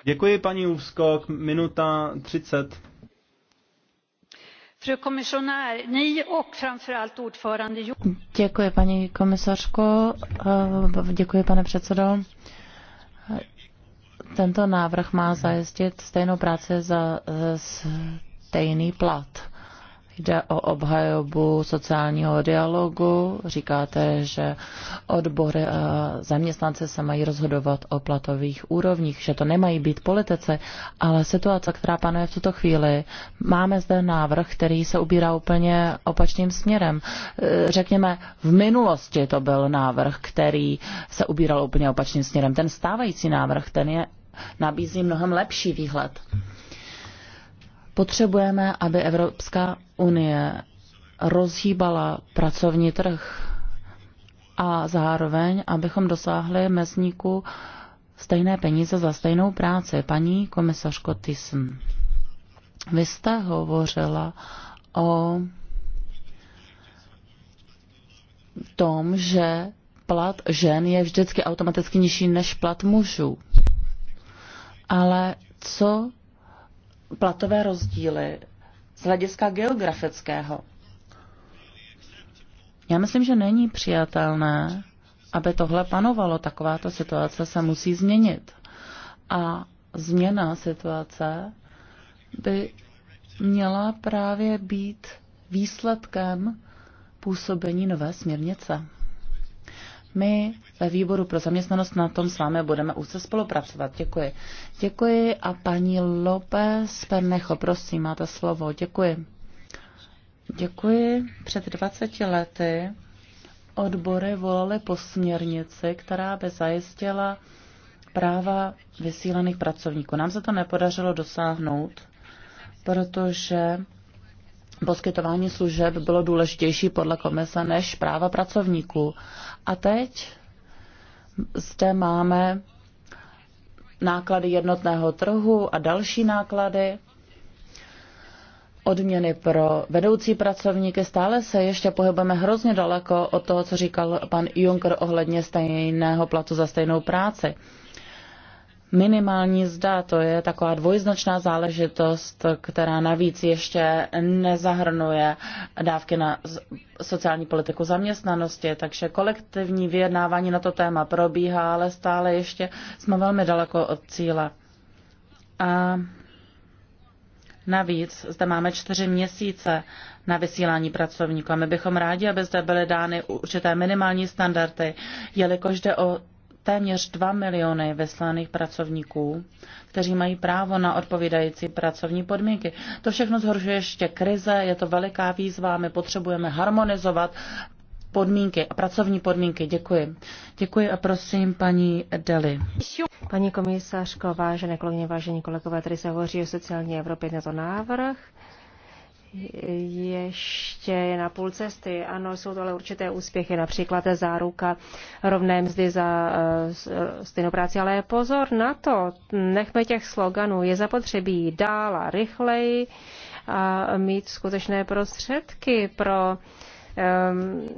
Děkuji, paní Uvskok. Minuta 30. Děkuji, paní komisařko. Eh, děkuji, pane předsedo. Tento návrh má zajistit stejnou práci za eh, stejný plat. Jde o obhajobu sociálního dialogu. Říkáte, že odbory a zaměstnance se mají rozhodovat o platových úrovních, že to nemají být politice, ale situace, která panuje v tuto chvíli, máme zde návrh, který se ubírá úplně opačným směrem. E, řekněme, v minulosti to byl návrh, který se ubíral úplně opačným směrem. Ten stávající návrh, ten je nabízí mnohem lepší výhled. Potřebujeme, aby Evropská unie rozhýbala pracovní trh a zároveň, abychom dosáhli mezníku stejné peníze za stejnou práci. Paní komisařko Thyssen, vy jste hovořila o tom, že plat žen je vždycky automaticky nižší než plat mužů. Ale co platové rozdíly z hlediska geografického. Já myslím, že není přijatelné, aby tohle panovalo. Takováto situace se musí změnit. A změna situace by měla právě být výsledkem působení nové směrnice. My ve výboru pro zaměstnanost na tom s vámi budeme úzce spolupracovat. Děkuji. Děkuji a paní López Pernecho, prosím, máte slovo. Děkuji. Děkuji. Před 20 lety odbory volaly po směrnici, která by zajistila práva vysílených pracovníků. Nám se to nepodařilo dosáhnout, protože poskytování služeb bylo důležitější podle komise než práva pracovníků. A teď zde máme náklady jednotného trhu a další náklady, odměny pro vedoucí pracovníky. Stále se ještě pohybujeme hrozně daleko od toho, co říkal pan Juncker ohledně stejného platu za stejnou práci. Minimální zda to je taková dvojznačná záležitost, která navíc ještě nezahrnuje dávky na sociální politiku zaměstnanosti, takže kolektivní vyjednávání na to téma probíhá, ale stále ještě jsme velmi daleko od cíle. A navíc zde máme čtyři měsíce na vysílání pracovníků a my bychom rádi, aby zde byly dány určité minimální standardy, jelikož jde o téměř 2 miliony vyslaných pracovníků, kteří mají právo na odpovídající pracovní podmínky. To všechno zhoršuje ještě krize, je to veliká výzva, my potřebujeme harmonizovat podmínky a pracovní podmínky. Děkuji. Děkuji a prosím paní Deli. Paní komisářko, vážené kolegyně, vážení kolegové, tady se hovoří o sociální Evropě to návrh ještě je na půl cesty. Ano, jsou to ale určité úspěchy, například záruka rovné mzdy za eh, stejnou práci, ale pozor na to, nechme těch sloganů, je zapotřebí dál a rychleji a mít skutečné prostředky pro um,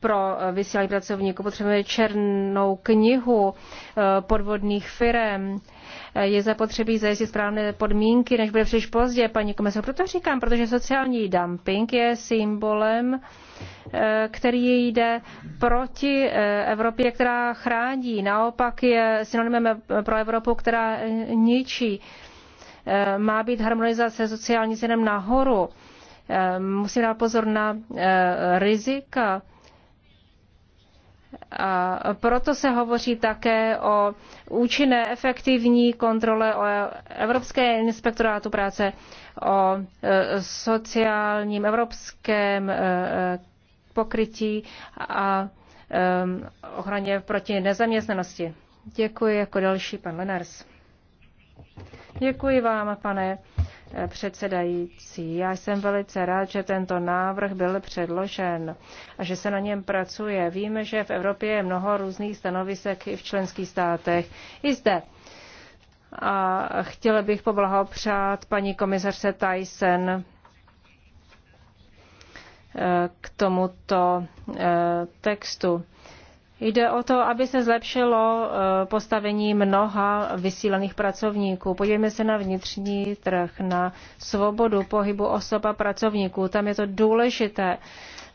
pro vysílání pracovníků. Potřebujeme černou knihu eh, podvodných firm, je zapotřebí zajistit správné podmínky, než bude příliš pozdě, paní komisar. Proto říkám, protože sociální dumping je symbolem, eh, který jde proti eh, Evropě, která chrání. Naopak je synonymem eh, pro Evropu, která ničí. Má být harmonizace sociální cenem nahoru. Musíme dát pozor na rizika a proto se hovoří také o účinné, efektivní kontrole o Evropské inspektorátu práce, o e, sociálním evropském e, e, pokrytí a ochraně proti nezaměstnanosti. Děkuji jako další pan Lenars. Děkuji vám, pane předsedající. Já jsem velice rád, že tento návrh byl předložen a že se na něm pracuje. Víme, že v Evropě je mnoho různých stanovisek i v členských státech. I zde. A chtěla bych poblahopřát paní komisařce Tyson eh, k tomuto eh, textu. Jde o to, aby se zlepšilo eh, postavení mnoha vysílených pracovníků. Podívejme se na vnitřní trh, na svobodu pohybu osob a pracovníků. Tam je to důležité.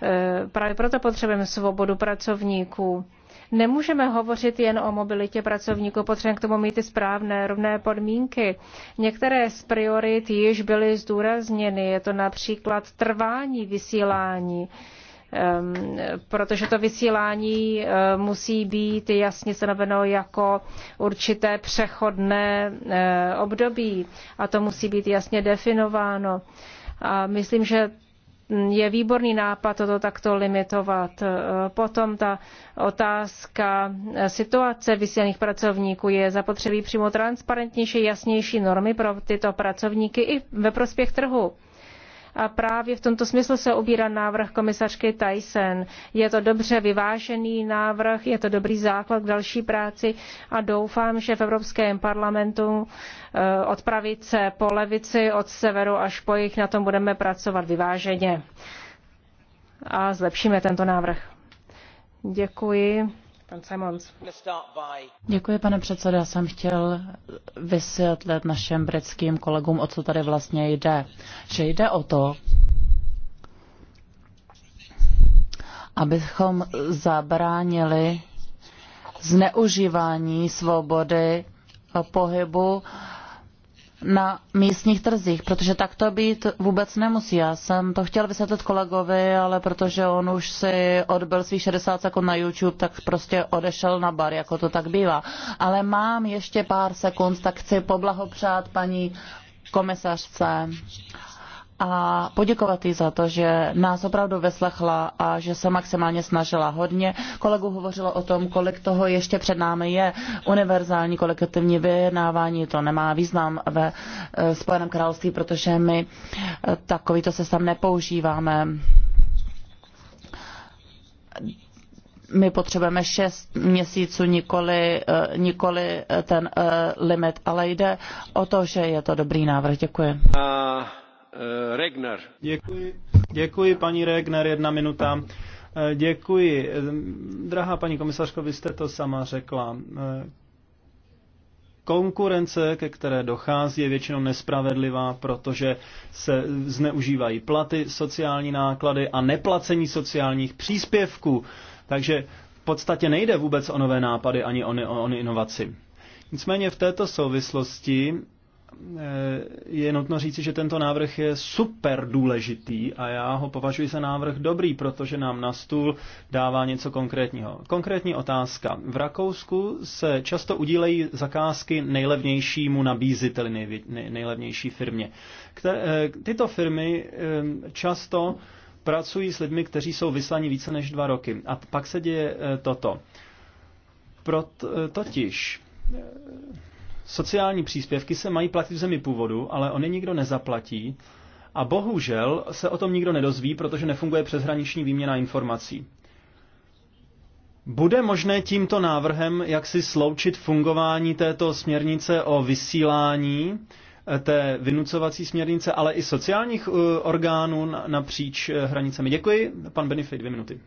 Eh, právě proto potřebujeme svobodu pracovníků. Nemůžeme hovořit jen o mobilitě pracovníků, potřebujeme k tomu mít i správné rovné podmínky. Některé z priorit již byly zdůrazněny, je to například trvání vysílání Ehm, protože to vysílání ehm, musí být jasně stanoveno jako určité přechodné eh, období a to musí být jasně definováno. A myslím, že je výborný nápad toto takto limitovat. Eh, potom ta otázka eh, situace vysílaných pracovníků je zapotřebí přímo transparentnější, jasnější normy pro tyto pracovníky i ve prospěch trhu. A právě v tomto smyslu se obírá návrh komisařky Tyson. Je to dobře vyvážený návrh, je to dobrý základ k další práci a doufám, že v Evropském parlamentu eh, od pravice po levici, od severu až po jich na tom budeme pracovat vyváženě a zlepšíme tento návrh. Děkuji. Děkuji, pane předsedo. Já jsem chtěl vysvětlit našim britským kolegům, o co tady vlastně jde. Že jde o to, abychom zabránili zneužívání svobody pohybu na místních trzích, protože tak to být vůbec nemusí. Já jsem to chtěl vysvětlit kolegovi, ale protože on už si odbil svých 60 sekund na YouTube, tak prostě odešel na bar, jako to tak bývá. Ale mám ještě pár sekund, tak chci poblahopřát paní komisařce a poděkovat jí za to, že nás opravdu vyslechla a že se maximálně snažila hodně. Kolegu hovořilo o tom, kolik toho ještě před námi je. Univerzální kolektivní vyjednávání to nemá význam ve e, Spojeném království, protože my e, takovýto systém nepoužíváme my potřebujeme šest měsíců, nikoli, e, nikoli ten limit, ale jde o to, že je to dobrý návrh. Děkuji. Uh... Děkuji, děkuji paní Regner, jedna minuta. Eh, děkuji. Eh, drahá paní komisařko, vy jste to sama řekla. Eh, konkurence, ke které dochází, je většinou nespravedlivá, protože se zneužívají platy, sociální náklady a neplacení sociálních příspěvků. Takže v podstatě nejde vůbec o nové nápady ani o, o, o inovaci. Nicméně v této souvislosti Eh, je nutno říci, že tento návrh je super důležitý a já ho považuji za návrh dobrý, protože nám na stůl dává něco konkrétního. Konkrétní otázka. V Rakousku se často udílejí zakázky nejlevnějšímu nabíziteli, nejlevnější firmě. Eh, tyto firmy eh, často pracují s lidmi, kteří jsou vyslaní více než dva roky. A pak se děje toto. Prot, totiž Sociální příspěvky se mají platit v zemi původu, ale oni nikdo nezaplatí a bohužel se o tom nikdo nedozví, protože nefunguje přeshraniční výměna informací. Bude možné tímto návrhem jak si sloučit fungování této směrnice o vysílání, eh, té vynucovací směrnice, ale i sociálních eh, orgánů napříč eh, hranicemi. Děkuji, pan Benefit, dvě minuty.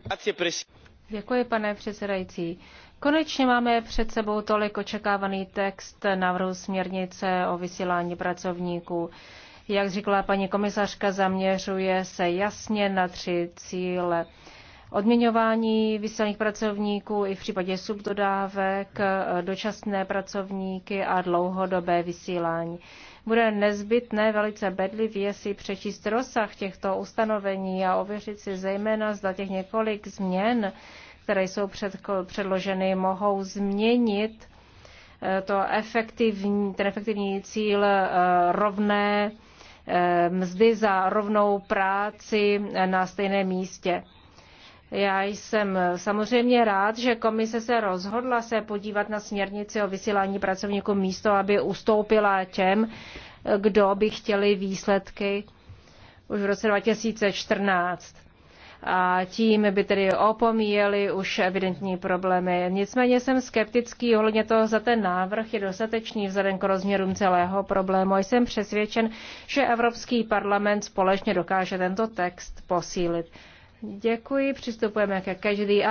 Děkuji, pane předsedající. Konečně máme před sebou tolik očekávaný text návrhu směrnice o vysílání pracovníků. Jak říkala paní komisařka, zaměřuje se jasně na tři cíle. Odměňování vysílaných pracovníků i v případě subdodávek, dočasné pracovníky a dlouhodobé vysílání. Bude nezbytné velice bedlivě si přečíst rozsah těchto ustanovení a ověřit si zejména, zda těch několik změn, které jsou předloženy, mohou změnit eh, to efektivní, ten efektivní cíl eh, rovné eh, mzdy za rovnou práci na stejném místě. Já jsem samozřejmě rád, že komise se rozhodla se podívat na směrnici o vysílání pracovníků místo, aby ustoupila těm, kdo by chtěli výsledky už v roce 2014 a tím by tedy opomíjeli už evidentní problémy. Nicméně jsem skeptický ohledně toho, za ten návrh je dostatečný vzhledem k rozměrům celého problému. Jsem přesvědčen, že Evropský parlament společně dokáže tento text posílit. Děkuji, přistupujeme ke každý the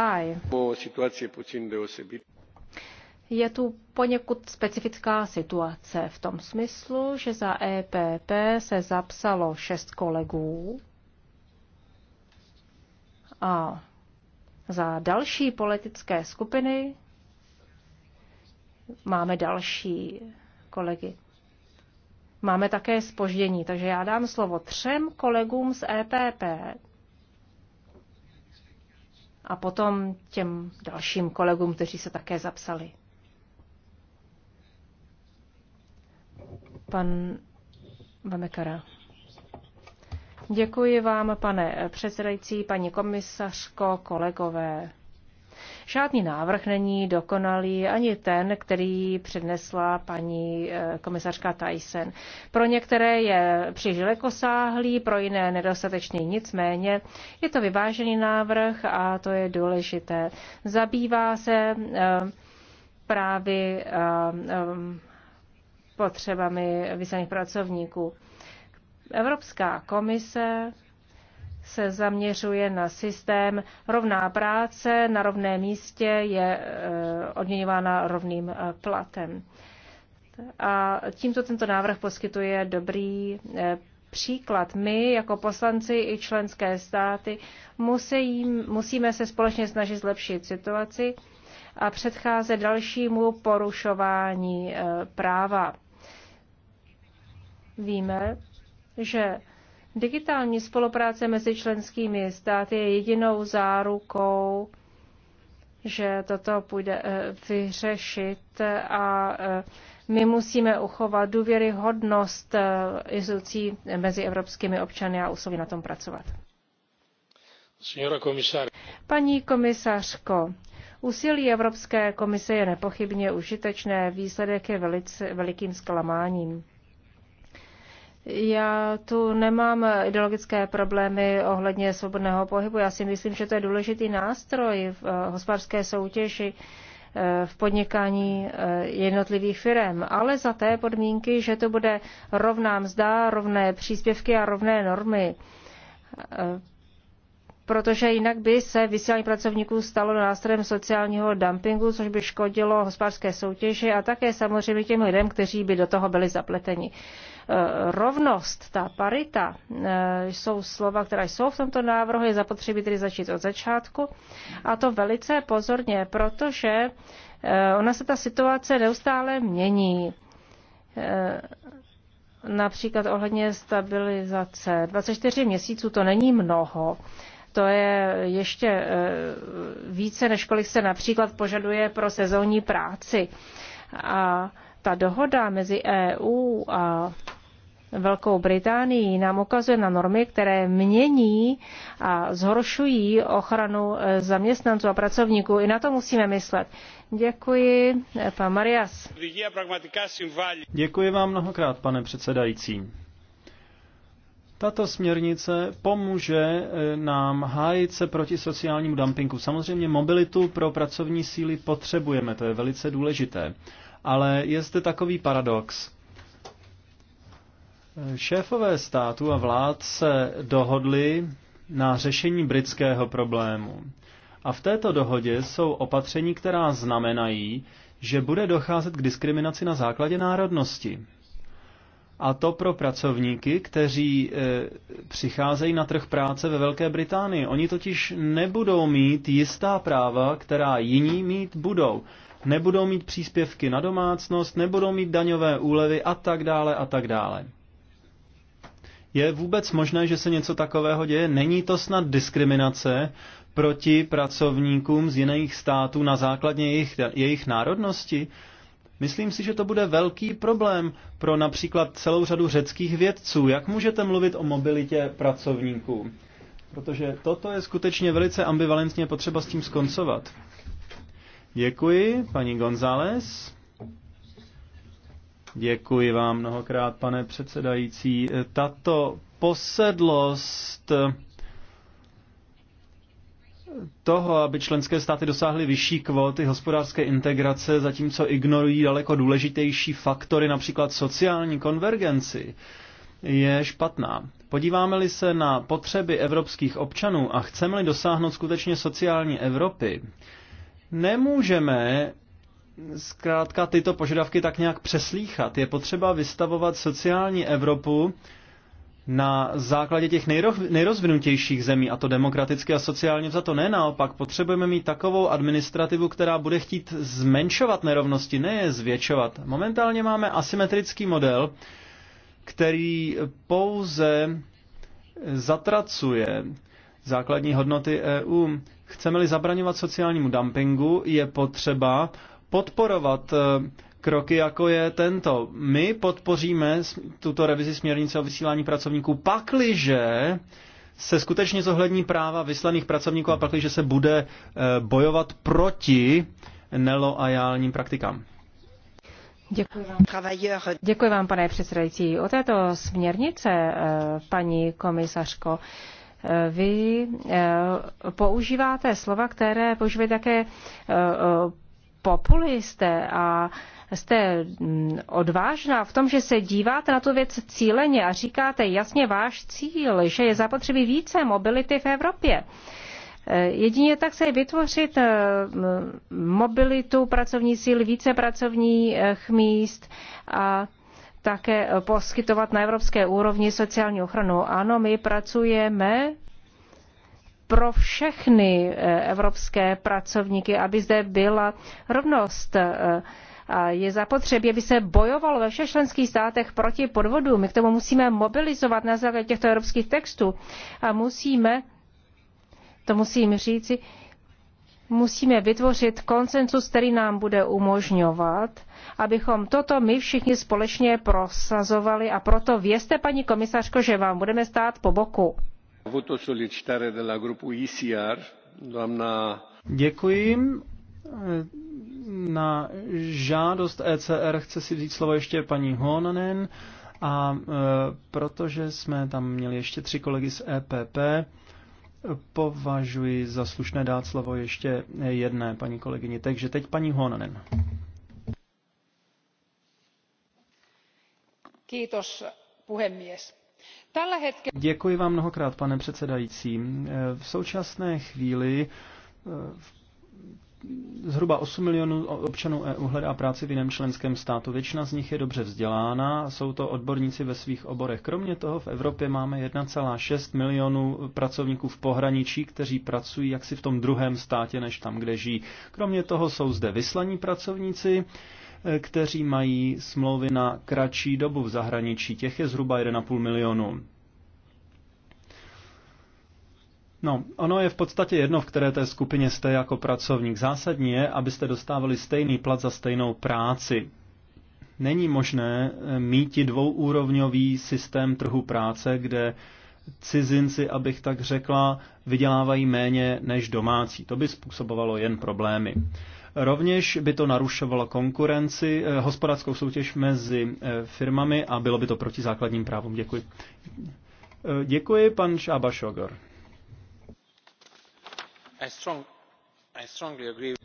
Je tu poněkud specifická situace v tom smyslu, že za EPP se zapsalo šest kolegů a za další politické skupiny máme další kolegy. Máme také spoždění, takže já dám slovo třem kolegům z EPP a potom těm dalším kolegům, kteří se také zapsali. Pan Vamekara. Děkuji vám, pane předsedající, paní komisařko, kolegové. Žádný návrh není dokonalý, ani ten, který přednesla paní eh, komisařka Tyson. Pro některé je příliš lekosáhlý, pro jiné nedostatečný, nicméně je to vyvážený návrh a to je důležité. Zabývá se eh, právě eh, potřebami vysaných pracovníků. Evropská komise se zaměřuje na systém rovná práce na rovném místě je e, odměňována rovným e, platem. A tímto tento návrh poskytuje dobrý e, příklad. My jako poslanci i členské státy musí, musíme se společně snažit zlepšit situaci a předcházet dalšímu porušování práva. Víme, že digitální spolupráce mezi členskými státy je jedinou zárukou, že toto půjde eh, vyřešit a eh, my musíme uchovat důvěryhodnost eh, institucí mezi evropskými občany a usilovně na tom pracovat. Paní komisařko, úsilí Evropské komise je nepochybně užitečné, výsledek je velice, velikým zklamáním. Já tu nemám ideologické problémy ohledně svobodného pohybu. Já si myslím, že to je důležitý nástroj v eh, hospodářské soutěži eh, v podnikání eh, jednotlivých firm, ale za té podmínky, že to bude rovná mzda, rovné příspěvky a rovné normy. Protože jinak by se vysílání pracovníků stalo nástrojem sociálního dumpingu, což by škodilo hospodářské soutěži a také samozřejmě těm lidem, kteří by do toho byli zapleteni. Eh, rovnost, ta parita, eh, jsou slova, která jsou v tomto návrhu, je zapotřebí tedy začít od začátku a to velice pozorně, protože eh, ona se ta situace neustále mění například ohledně stabilizace. 24 měsíců to není mnoho. To je ještě více, než kolik se například požaduje pro sezónní práci. A ta dohoda mezi EU a Velkou Británii nám ukazuje na normy, které mění a zhoršují ochranu eh, zaměstnanců a pracovníků. I na to musíme myslet. Děkuji, eh, pan Marias. Děkuji vám mnohokrát, pane předsedající. Tato směrnice pomůže eh, nám hájit se proti sociálnímu dumpingu. Samozřejmě mobilitu pro pracovní síly potřebujeme, to je velice důležité. Ale je zde takový paradox. Šéfové států a vlád se dohodli na řešení britského problému. A v této dohodě jsou opatření, která znamenají, že bude docházet k diskriminaci na základě národnosti. A to pro pracovníky, kteří e, přicházejí na trh práce ve Velké Británii. Oni totiž nebudou mít jistá práva, která jiní mít budou. Nebudou mít příspěvky na domácnost, nebudou mít daňové úlevy a tak dále a tak dále. Je vůbec možné, že se něco takového děje? Není to snad diskriminace proti pracovníkům z jiných států na základě jejich, jejich národnosti? Myslím si, že to bude velký problém pro například celou řadu řeckých vědců. Jak můžete mluvit o mobilitě pracovníků? Protože toto je skutečně velice ambivalentně potřeba s tím skoncovat. Děkuji, paní González. Děkuji vám mnohokrát, pane předsedající. Tato posedlost toho, aby členské státy dosáhly vyšší kvóty hospodářské integrace, zatímco ignorují daleko důležitější faktory, například sociální konvergenci, je špatná. Podíváme-li se na potřeby evropských občanů a chceme-li dosáhnout skutečně sociální Evropy, nemůžeme zkrátka tyto požadavky tak nějak přeslíchat. Je potřeba vystavovat sociální Evropu na základě těch nejrozvinutějších zemí, a to demokraticky a sociálně za to ne naopak. Potřebujeme mít takovou administrativu, která bude chtít zmenšovat nerovnosti, ne je zvětšovat. Momentálně máme asymetrický model, který pouze zatracuje základní hodnoty EU. Chceme-li zabraňovat sociálnímu dumpingu, je potřeba podporovat eh, kroky, jako je tento. My podpoříme tuto revizi směrnice o vysílání pracovníků, pakliže se skutečně zohlední práva vyslaných pracovníků a pakliže se bude eh, bojovat proti neloajálním praktikám. Děkuji vám. Děkuji vám, pane předsedající. O této směrnice, eh, paní komisařko, vy používáte slova, které používají také populisté a jste mm, odvážná v tom, že se díváte na tu věc cíleně a říkáte jasně váš cíl, že je zapotřebí více mobility v Evropě. E, jedině tak se vytvořit e, mobilitu pracovní síly, více pracovních míst a také poskytovat na evropské úrovni sociální ochranu. Ano, my pracujeme pro všechny eh, evropské pracovníky, aby zde byla rovnost. Eh, a je zapotřebí, aby se bojovalo ve všech členských státech proti podvodům. My k tomu musíme mobilizovat na základě těchto evropských textů a musíme, to musím říci, musíme vytvořit koncensus, který nám bude umožňovat, abychom toto my všichni společně prosazovali a proto vězte, paní komisařko, že vám budeme stát po boku. Děkuji. Na žádost ECR chce si říct slovo ještě paní Honanen a e, protože jsme tam měli ještě tři kolegy z EPP, považuji za slušné dát slovo ještě jedné paní kolegyni. Takže teď paní Honanen. Kiitos, puhemies Děkuji vám mnohokrát, pane předsedající. V současné chvíli eh, Zhruba 8 milionů občanů EU hledá práci v jiném členském státu. Většina z nich je dobře vzdělána, jsou to odborníci ve svých oborech. Kromě toho v Evropě máme 1,6 milionů pracovníků v pohraničí, kteří pracují jaksi v tom druhém státě, než tam, kde žijí. Kromě toho jsou zde vyslaní pracovníci, Eh, kteří mají smlouvy na kratší dobu v zahraničí. Těch je zhruba 1,5 milionu. No, ono je v podstatě jedno, v které té skupině jste jako pracovník. Zásadní je, abyste dostávali stejný plat za stejnou práci. Není možné eh, mít dvouúrovňový systém trhu práce, kde cizinci, abych tak řekla, vydělávají méně než domácí. To by způsobovalo jen problémy. Rovněž by to narušovalo konkurenci, eh, hospodářskou soutěž mezi eh, firmami a bylo by to proti základním právům. Děkuji. Eh, děkuji, pan Šába Šogor.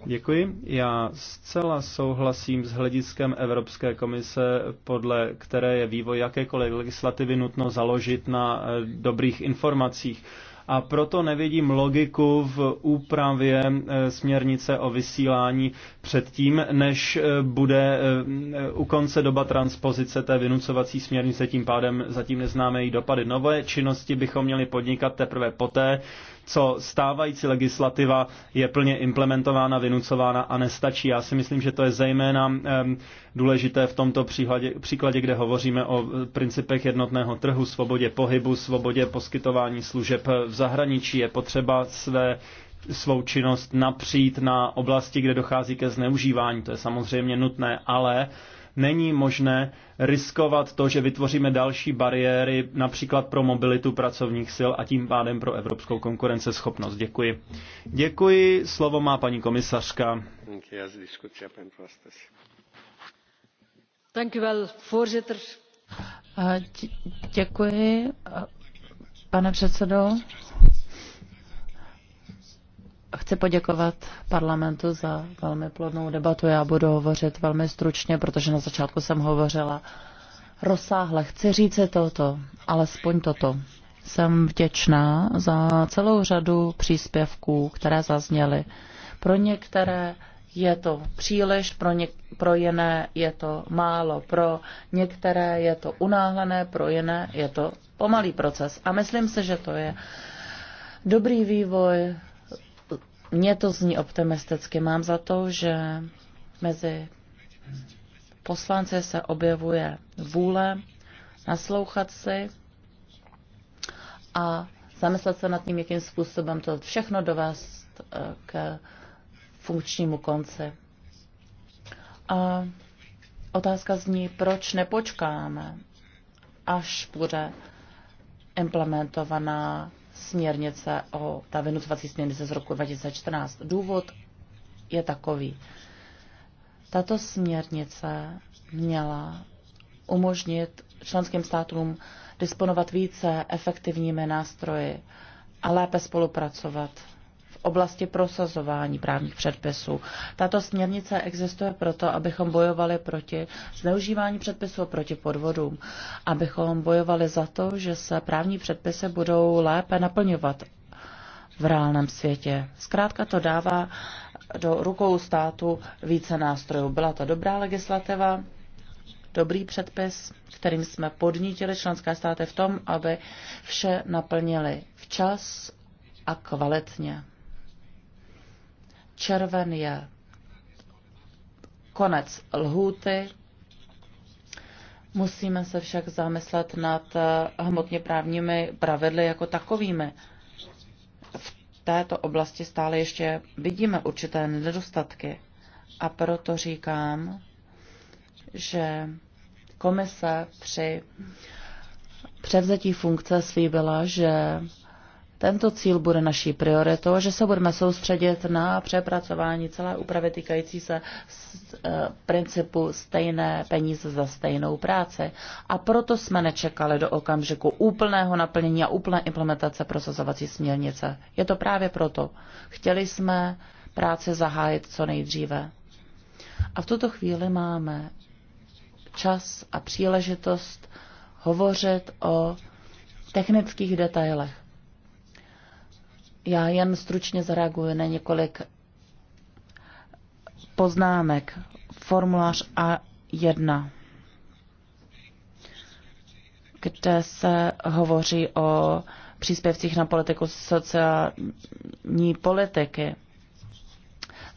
Děkuji. Já zcela souhlasím s hlediskem Evropské komise, podle které je vývoj jakékoliv legislativy nutno založit na dobrých informacích a proto nevidím logiku v úpravě e, směrnice o vysílání předtím, než e, bude e, u konce doba transpozice té vynucovací směrnice, tím pádem zatím neznáme její dopady. Nové činnosti bychom měli podnikat teprve poté, co stávající legislativa je plně implementována, vynucována a nestačí. Já si myslím, že to je zejména důležité v tomto příkladě, příkladě, kde hovoříme o e, principech jednotného trhu, svobodě pohybu, svobodě poskytování služeb v zahraničí. Je potřeba své svou činnost napřít na oblasti, kde dochází ke zneužívání. To je samozřejmě nutné, ale Není možné riskovat to, že vytvoříme další bariéry, například pro mobilitu pracovních sil a tím pádem pro evropskou konkurenceschopnost. Děkuji. Děkuji. Slovo má paní komisařka. Eh, děkuji, eh, pane předsedo. Chci poděkovat parlamentu za velmi plodnou debatu. Já budu hovořit velmi stručně, protože na začátku jsem hovořila rozsáhle. Chci říct si toto, alespoň toto. Jsem vděčná za celou řadu příspěvků, které zazněly. Pro některé je to příliš, pro, něk- pro jiné je to málo, pro některé je to unáhlené, pro jiné je to pomalý proces. A myslím si, že to je dobrý vývoj mně to zní optimisticky. Mám za to, že mezi poslanci se objevuje vůle naslouchat si a zamyslet se nad tím, jakým způsobem to všechno dovést eh, k funkčnímu konci. A otázka zní, proč nepočkáme, až bude implementovaná směrnice o, ta vynucovací směrnice z roku 2014. Důvod je takový. Tato směrnice měla umožnit členským státům disponovat více efektivními nástroji a lépe spolupracovat oblasti prosazování právních předpisů. Tato směrnice existuje proto, abychom bojovali proti zneužívání předpisů a proti podvodům, abychom bojovali za to, že se právní předpisy budou lépe naplňovat v reálném světě. Zkrátka to dává do rukou státu více nástrojů. Byla to dobrá legislativa, dobrý předpis, kterým jsme podnítili členské státy v tom, aby vše naplnili včas a kvalitně červen je konec lhůty. Musíme se však zamyslet nad eh, hmotně právními pravidly jako takovými. V této oblasti stále ještě vidíme určité nedostatky. A proto říkám, že komise při převzetí funkce slíbila, že tento cíl bude naší prioritou a že se budeme soustředit na přepracování celé úpravy týkající se e, principu stejné peníze za stejnou práci. A proto jsme nečekali do okamžiku úplného naplnění a úplné implementace prosazovací směrnice. Je to právě proto. Chtěli jsme práci zahájit co nejdříve. A v tuto chvíli máme čas a příležitost hovořit o technických detailech. Já jen stručně zareaguji na několik poznámek. Formulář A1, kde se hovoří o příspěvcích na politiku sociální politiky.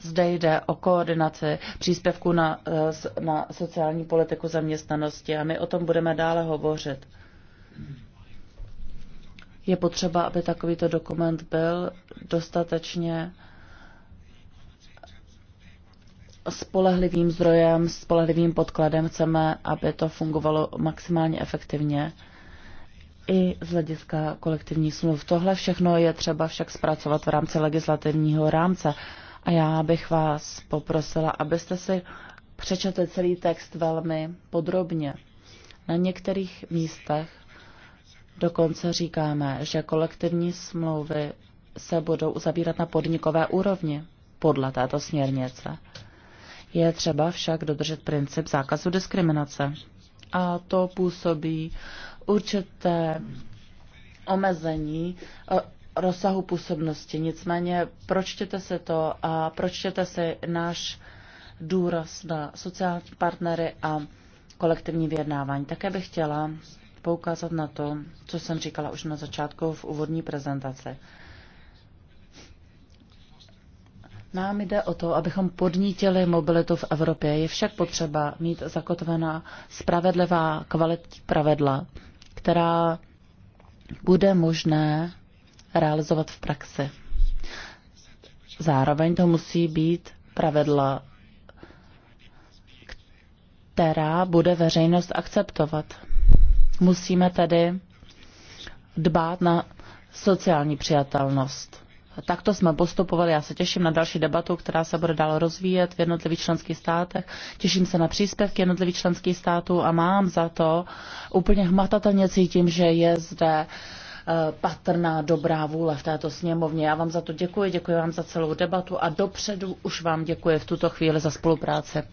Zde jde o koordinaci příspěvků na, eh, na sociální politiku zaměstnanosti a my o tom budeme dále hovořit je potřeba, aby takovýto dokument byl dostatečně spolehlivým zdrojem, spolehlivým podkladem. Chceme, aby to fungovalo maximálně efektivně i z hlediska kolektivních smluv. Tohle všechno je třeba však zpracovat v rámci legislativního rámce. A já bych vás poprosila, abyste si přečetli celý text velmi podrobně. Na některých místech Dokonce říkáme, že kolektivní smlouvy se budou uzavírat na podnikové úrovni podle této směrnice. Je třeba však dodržet princip zákazu diskriminace. A to působí určité omezení eh, rozsahu působnosti. Nicméně pročtěte si to a pročtěte si náš důraz na sociální partnery a kolektivní vyjednávání. Také bych chtěla poukázat na to, co jsem říkala už na začátku v úvodní prezentaci. Nám jde o to, abychom podnítili mobilitu v Evropě. Je však potřeba mít zakotvená spravedlivá kvalitní pravidla, která bude možné realizovat v praxi. Zároveň to musí být pravidla, která bude veřejnost akceptovat. Musíme tedy dbát na sociální přijatelnost. Takto jsme postupovali. Já se těším na další debatu, která se bude dál rozvíjet v jednotlivých členských státech. Těším se na příspěvky jednotlivých členských států a mám za to, úplně hmatatelně cítím, že je zde eh, patrná dobrá vůle v této sněmovně. Já vám za to děkuji, děkuji vám za celou debatu a dopředu už vám děkuji v tuto chvíli za spolupráci.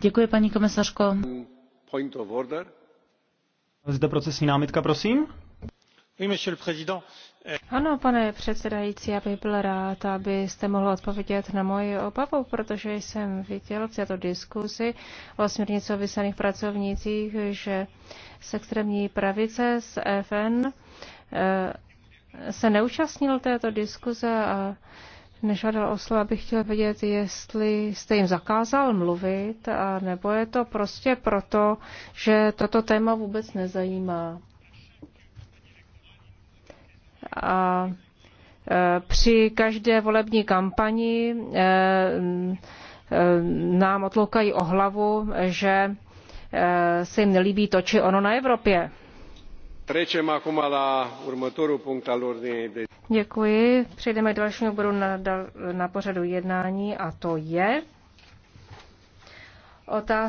Děkuji, paní komisařko. Point of order. Zde procesní námitka, prosím. Ano, pane předsedající, já bych byl rád, abyste mohl odpovědět na moji obavu, protože jsem viděl v této diskuzi o směrnici o vysaných pracovnících, že z extrémní pravice z FN eh, se neúčastnil této diskuze a nežádal o slovo, abych chtěl vědět, jestli jste jim zakázal mluvit, a nebo je to prostě proto, že toto téma vůbec nezajímá. A e, při každé volební kampani e, e, nám otloukají o hlavu, že se jim nelíbí to či ono na Evropě. Děkuji. Přejdeme k dalšímu bodu na, na pořadu jednání a to je otázka